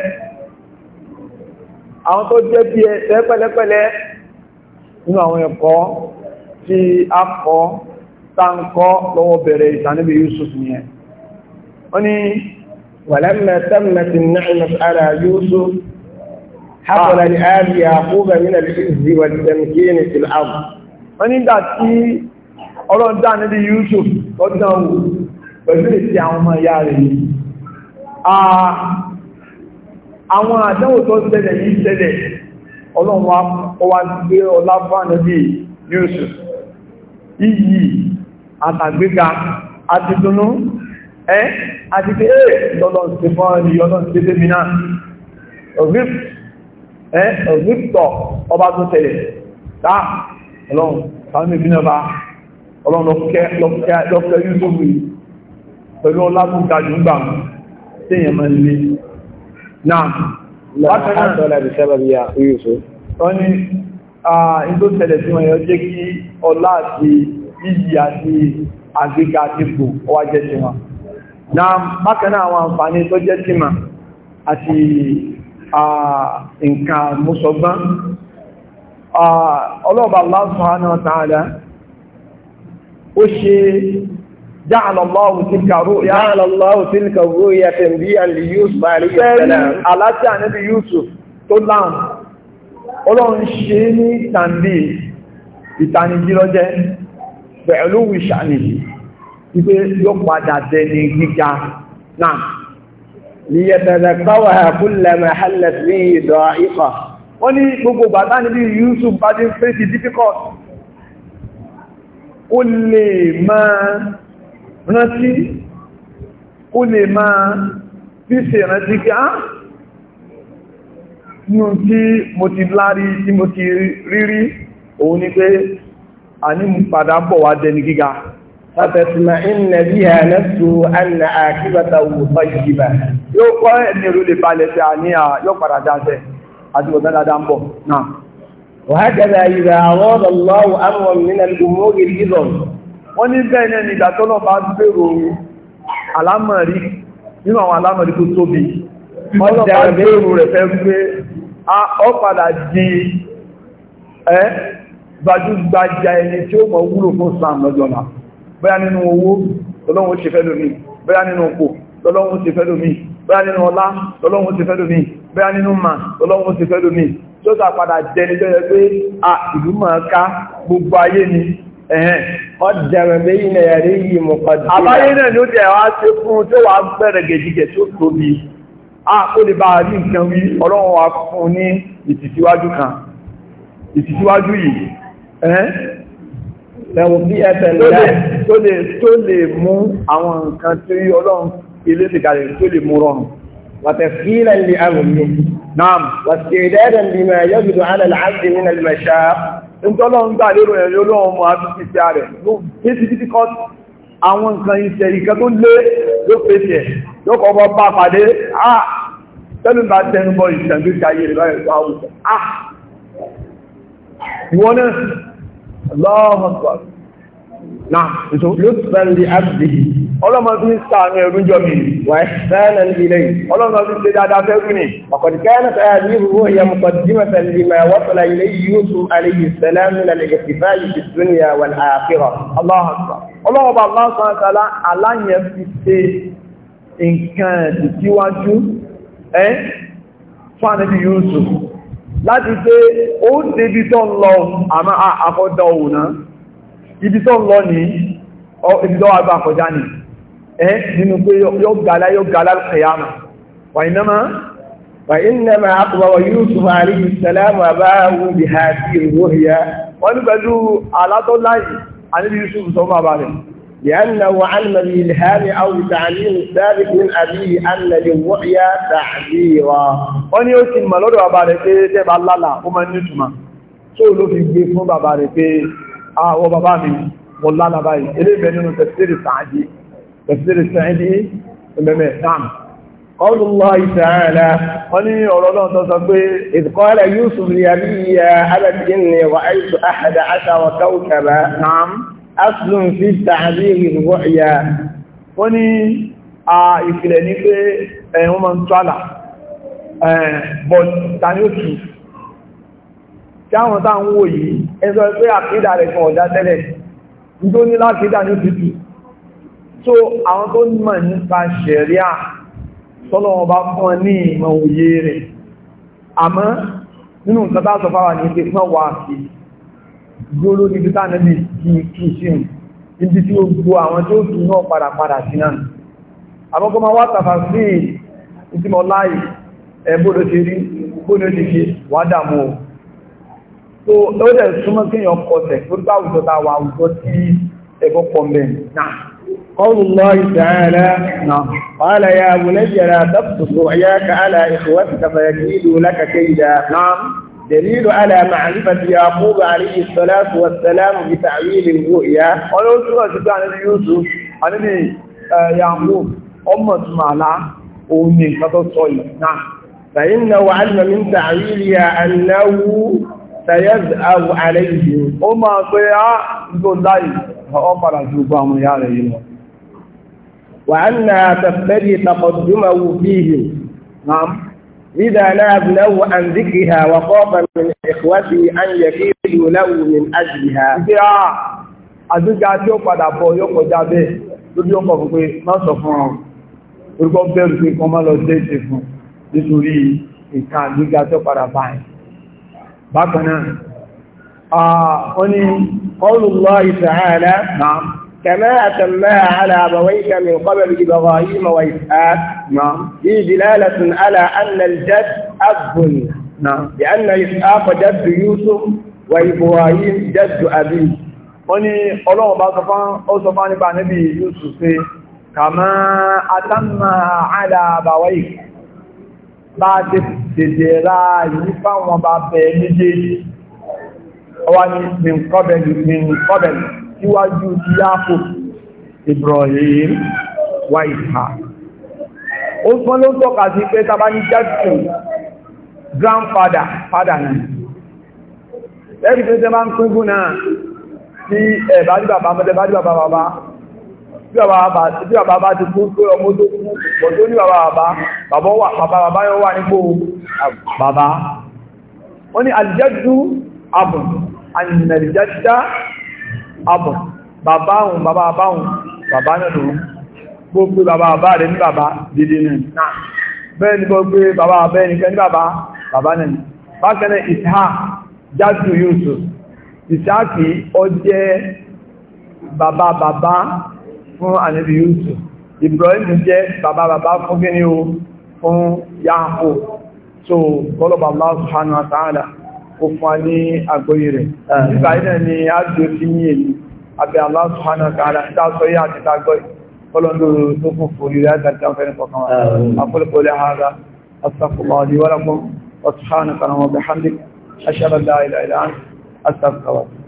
àwọn tó jẹ́ bí ẹ ṣe pẹ̀lẹ́pẹ̀lẹ́ nínú àwọn ẹ̀kọ́ tí a kọ́ táǹkọ́ lọ́wọ́ bẹ̀rẹ̀ ìtànẹ́bẹ̀ Yusuf ni ẹ̀ wọ́n ni wàlẹ́mẹ̀ tẹ́mẹ̀tì náà ara Yusuf hapọ̀lá ni ààrẹ àkúgbà nínà ìzì wà dẹ̀mkí ní ìlàbù wọ́n nígbà tí ọlọ́dá àwọn àdánwò tó ṣẹlẹ̀ yìí ṣẹlẹ̀ ọlọ́run wa gbé ọlá fún àníbí Yusuf iyì àtàgbéga àti dúnú ẹ́ àti pé èè lọ́lọ́ ti fọ́ ní ọlọ́ ti dé mi náà ọ̀gbìtọ̀ ọba tó tẹ̀lẹ̀ tá ọlọ́run sàánú ìbínú ọba ọlọ́run lọ́kẹ́ yúsùfù pẹ̀lú ọlágùnkà jùgbà tí èèyàn máa ń lé náà látọ̀lá ìlú ah, tẹ̀lẹ̀ tí wọ́n yọ jẹ́ kí ọlá àti iyì àti àgbéga àti bò ọwá jẹ́ ti wọn. na bákaná àwọn àǹfààní tó jẹ́ ti ma àti nǹkan mọ́sọgbọ́n Allah subhanahu wa ta'ala o ṣe جعل الله تلك الرؤيا جعل الله تلك الرؤيا تنبيا ليوسف عليه السلام على نبي يوسف ọlọ́run ṣe ní ìtàndì ìtànìjí lọ́jẹ́ pẹ̀lú ìṣànìyí wípé yóò padà dẹni gíga náà lìyẹ̀tẹ̀rẹ̀ kọ́wà kúlẹ̀mẹ̀ hálẹ̀ sí ìdọ̀ ikọ̀ wọ́n ní gbogbo bàbá níbi Yusuf bá dín pé ti difficult kó lè máa nínú tí mo ti lárí tí mo ti rírí òun ni pé a ní padà bọ̀ wá dẹni gíga Fàtàtìmà ìnà bí i ànẹ́sù ànà àkíbàtà òwòfà ìjìbà. Yóò kọ́ ẹ̀mí ìrú lè balẹ̀ sí àníyà yóò padà dáṣẹ́ àti ọ̀dọ́ dáadáa ń bọ̀ náà. وهكذا إذا àwọn àlámọ̀rí ọ̀padà di ẹ́ gbajúgbajà ẹni tí ó mọ̀ wúlò fún Islam lọ́jọ́nà bẹ́yà nínú owó lọ́lọ́wọ́ ṣe fẹ́ lómi bẹ́yà nínú òpó lọ́lọ́wọ́ ṣe fẹ́ lómi bẹ́yà nínú ọlá lọ́lọ́wọ́ ṣe fẹ́ lómi bẹ́yà nínú mà lọ́lọ́wọ́ ṣe fẹ́ lómi tó sà padà jẹni tó yẹ pé a ìlú mọ̀ ká gbogbo ayé ni ẹ̀hẹ́n ọjẹ̀rẹ̀ méjì náà rí yìí mọ̀kàdé àbáyé náà ló jẹ́ wá ṣe fún tó wà bẹ̀rẹ̀ gẹ̀jìgẹ̀ tó tóbi ó lè bá rí nǹkan wí ọlọ́run wa fún ní ìtìsíwájú kan ìtìsíwájú yìí ẹ̀wọ̀n bí ẹ̀fẹ̀ tó lè mú àwọn nǹkan tí ọlọ́run ilé ìgbàlẹ̀ tó lè mú rọrùn وتفكيرا لأمره نعم واستعدادا لما يجد على العبد من المشاق انت الله انت عليه يقول لهم هذا في السعر àwọn nǹkan ìṣẹ̀ ìkan tó lé ló pèsè lókọ̀ ọmọ bá pàdé ah tẹ́lú bá tẹnubọ ìṣẹ̀lú ayé rẹ̀ báyìí tó àwùjọ ah wọ́n náà lọ́wọ́ na nso lutfan li abdihi ọlọ́mọ fi ń sàánú ẹ̀rún jọ mi wà ẹ́sẹ́lẹ̀ ilẹ̀ ọlọ́mọ fi ṣe dáadáa fẹ́rún ni ọ̀kọ̀dìkẹ́ náà tàyà ní ìrúwò ya mọ̀kọ̀dìmọ̀tàn lè máa wọ́pọ̀lá ilé yìí yóò tún alẹ́ yìí sẹ́lẹ̀ nílẹ̀ lẹ́gẹ̀ẹ́sì báyìí fi ọlọ́ọ̀bà lásánàtàlá aláyẹ̀ fi ṣe nǹkan ìtíwájú ẹ́ fánàbí Yusuf láti pé ó débi tó ń lọ àmá àkọ́dọ̀ òná ibi tó ń lọ ní ìbìdọ́ àgbà àkọjá ní ẹ́ nínú pé yóò gàlá yóò gàlá kìyàmà wà ìnáma wà ìnáma àkọbàwà Yusuf alayhi salam àbáwò bí ha sí àníbi yusuf sọ fún bàbá rẹ̀ لأنه علم الإلهام أو تعليم السابق من أبيه أن للرؤيا تعبيرا wọ́n ní ó ti mọ̀ lọ́dọ̀ bàbá rẹ̀ pé tẹ́bà lálà ó máa ní ìtumà tó ló fi gbé fún bàbá rẹ̀ pé àwọ ah, bàbá mi wọ́n lálà báyìí eléèbẹ̀ nínú tẹ̀sílẹ̀ sàájì tẹ̀sílẹ̀ sàájì mẹ́mẹ́ náà قول الله تعالى وني أولادنا تصفي إذ قال يوسف لأبي أبت إني رأيت أحد عشر كوكبا نعم أصل في تعبير الرؤيا وني ìpìlẹ̀ ní pé ẹ̀hún eh, ma ń tó àlà eh, but tani ó tù tí àwọn táà ń wò yìí ẹzọ pé àkídà rẹ̀ kan ọ̀dá tẹ́lẹ̀ ní tó ní lákídà ní ó ti tù so àwọn tó mọ̀ nípa ṣẹ̀ríà tọ́lọ́wọ́ bá fún ọ ní ìmọ̀ òye rẹ̀ àmọ́ nínú nǹkan bá sọ fáwà ní pé fún wà sí gbóró níbi tánàbí kí kí síun níbi tí ó gbó àwọn tó tún náà padà padà sí náà àkọ́kọ́ ma wá tàfà sí ìtìmọ̀ láì ẹgbódó ti rí gbódó ti ṣe wádàmú o tó ó dẹ̀ súnmọ́ kéèyàn kọsẹ̀ tó gbáwùjọ ta wà àwùjọ tí ẹgbọ́ pọ̀ mẹ́rin náà قول الله تعالى نعم قال يا بني لا تبسط رؤياك على إخوتك فيكيدوا لك كيدا نعم دليل على معرفة يعقوب عليه الصلاة والسلام بتعويل الرؤيا قالوا سورة سبحان يوسف أنني يعقوب أمة معنا أمي قد نعم فإنه علم من تعويلها أنه سيذأب عليه أمة صيعة يقول لا فأمر رجوبا يا رجل وأنها تفتدي تقدمه فيهم نعم إذا ناب له عن ذكرها وخاف من إخوته أن يكيدوا له من أجلها. àdúgbò àti ó padà bọ̀ yóò kọjá bẹ́ẹ̀ lórí ọkọ̀ fún pé má sọ fún ọ̀rọ̀ كما أتماها على أبويك من قبل إبراهيم وإسحاق نعم في دلالة على أن الجد أب نعم لأن إسحاق جد يوسف وإبراهيم جد أبيه wọ́n ní ọlọ́run bá sọ fán ó sọ fán nípa níbi yóò pé kàmá atámà àdàbàwáì bá ti tètè ra yìí fáwọn bá bẹ̀ẹ́ méjèèjì ọwá ní mìnkọ́bẹ̀lì síwájú ti yáàpù Ibrahim wáìhà ó fún ló tọ́ka sí pé tàbá ní jẹ́sùn grandfather father náà lẹ́bí tó tẹ́ bá ń pínkù náà tí ẹ̀bá ní bàbá mọ́tẹ́ bá ní bàbá bàbá bí bàbá bá ti kú pé ọmọ tó kú pọ̀ tó ní bàbá bàbá bàbá bàbá yóò wà nípò bàbá wọ́n ni àlìjẹ́jú àbùn àìyàn àlìjẹ́já abọ̀ bàbá òun bàbá bàbá òun bàbá náà lòun gbogbo bàbá bàbá rẹ̀ ní bàbá dìde náà bẹ́ẹ̀ ni gbogbo bàbá bẹ́ẹ̀ ni kẹ́ ní bàbá bàbá náà bákanẹ̀ ìtàá jásù Yusuf ìsáàkì ó jẹ́ bàbá bàbá fún ànábì o fún Yáàpù so gọ́lọ̀bàbá subhanahu wa ta'ala ó fún wa ní àgbóyé rẹ̀. Ah. Nígbà iná ni a jò sí ní èyí, abẹ́ Allah subhanahu wa ta'ala dáṣọ yá àti dágbọ́ kọlọ́ndò tó fún fòrí láti àti àfẹ́rin kọ̀kan wa. Àkọ́lẹ̀kọ́ lè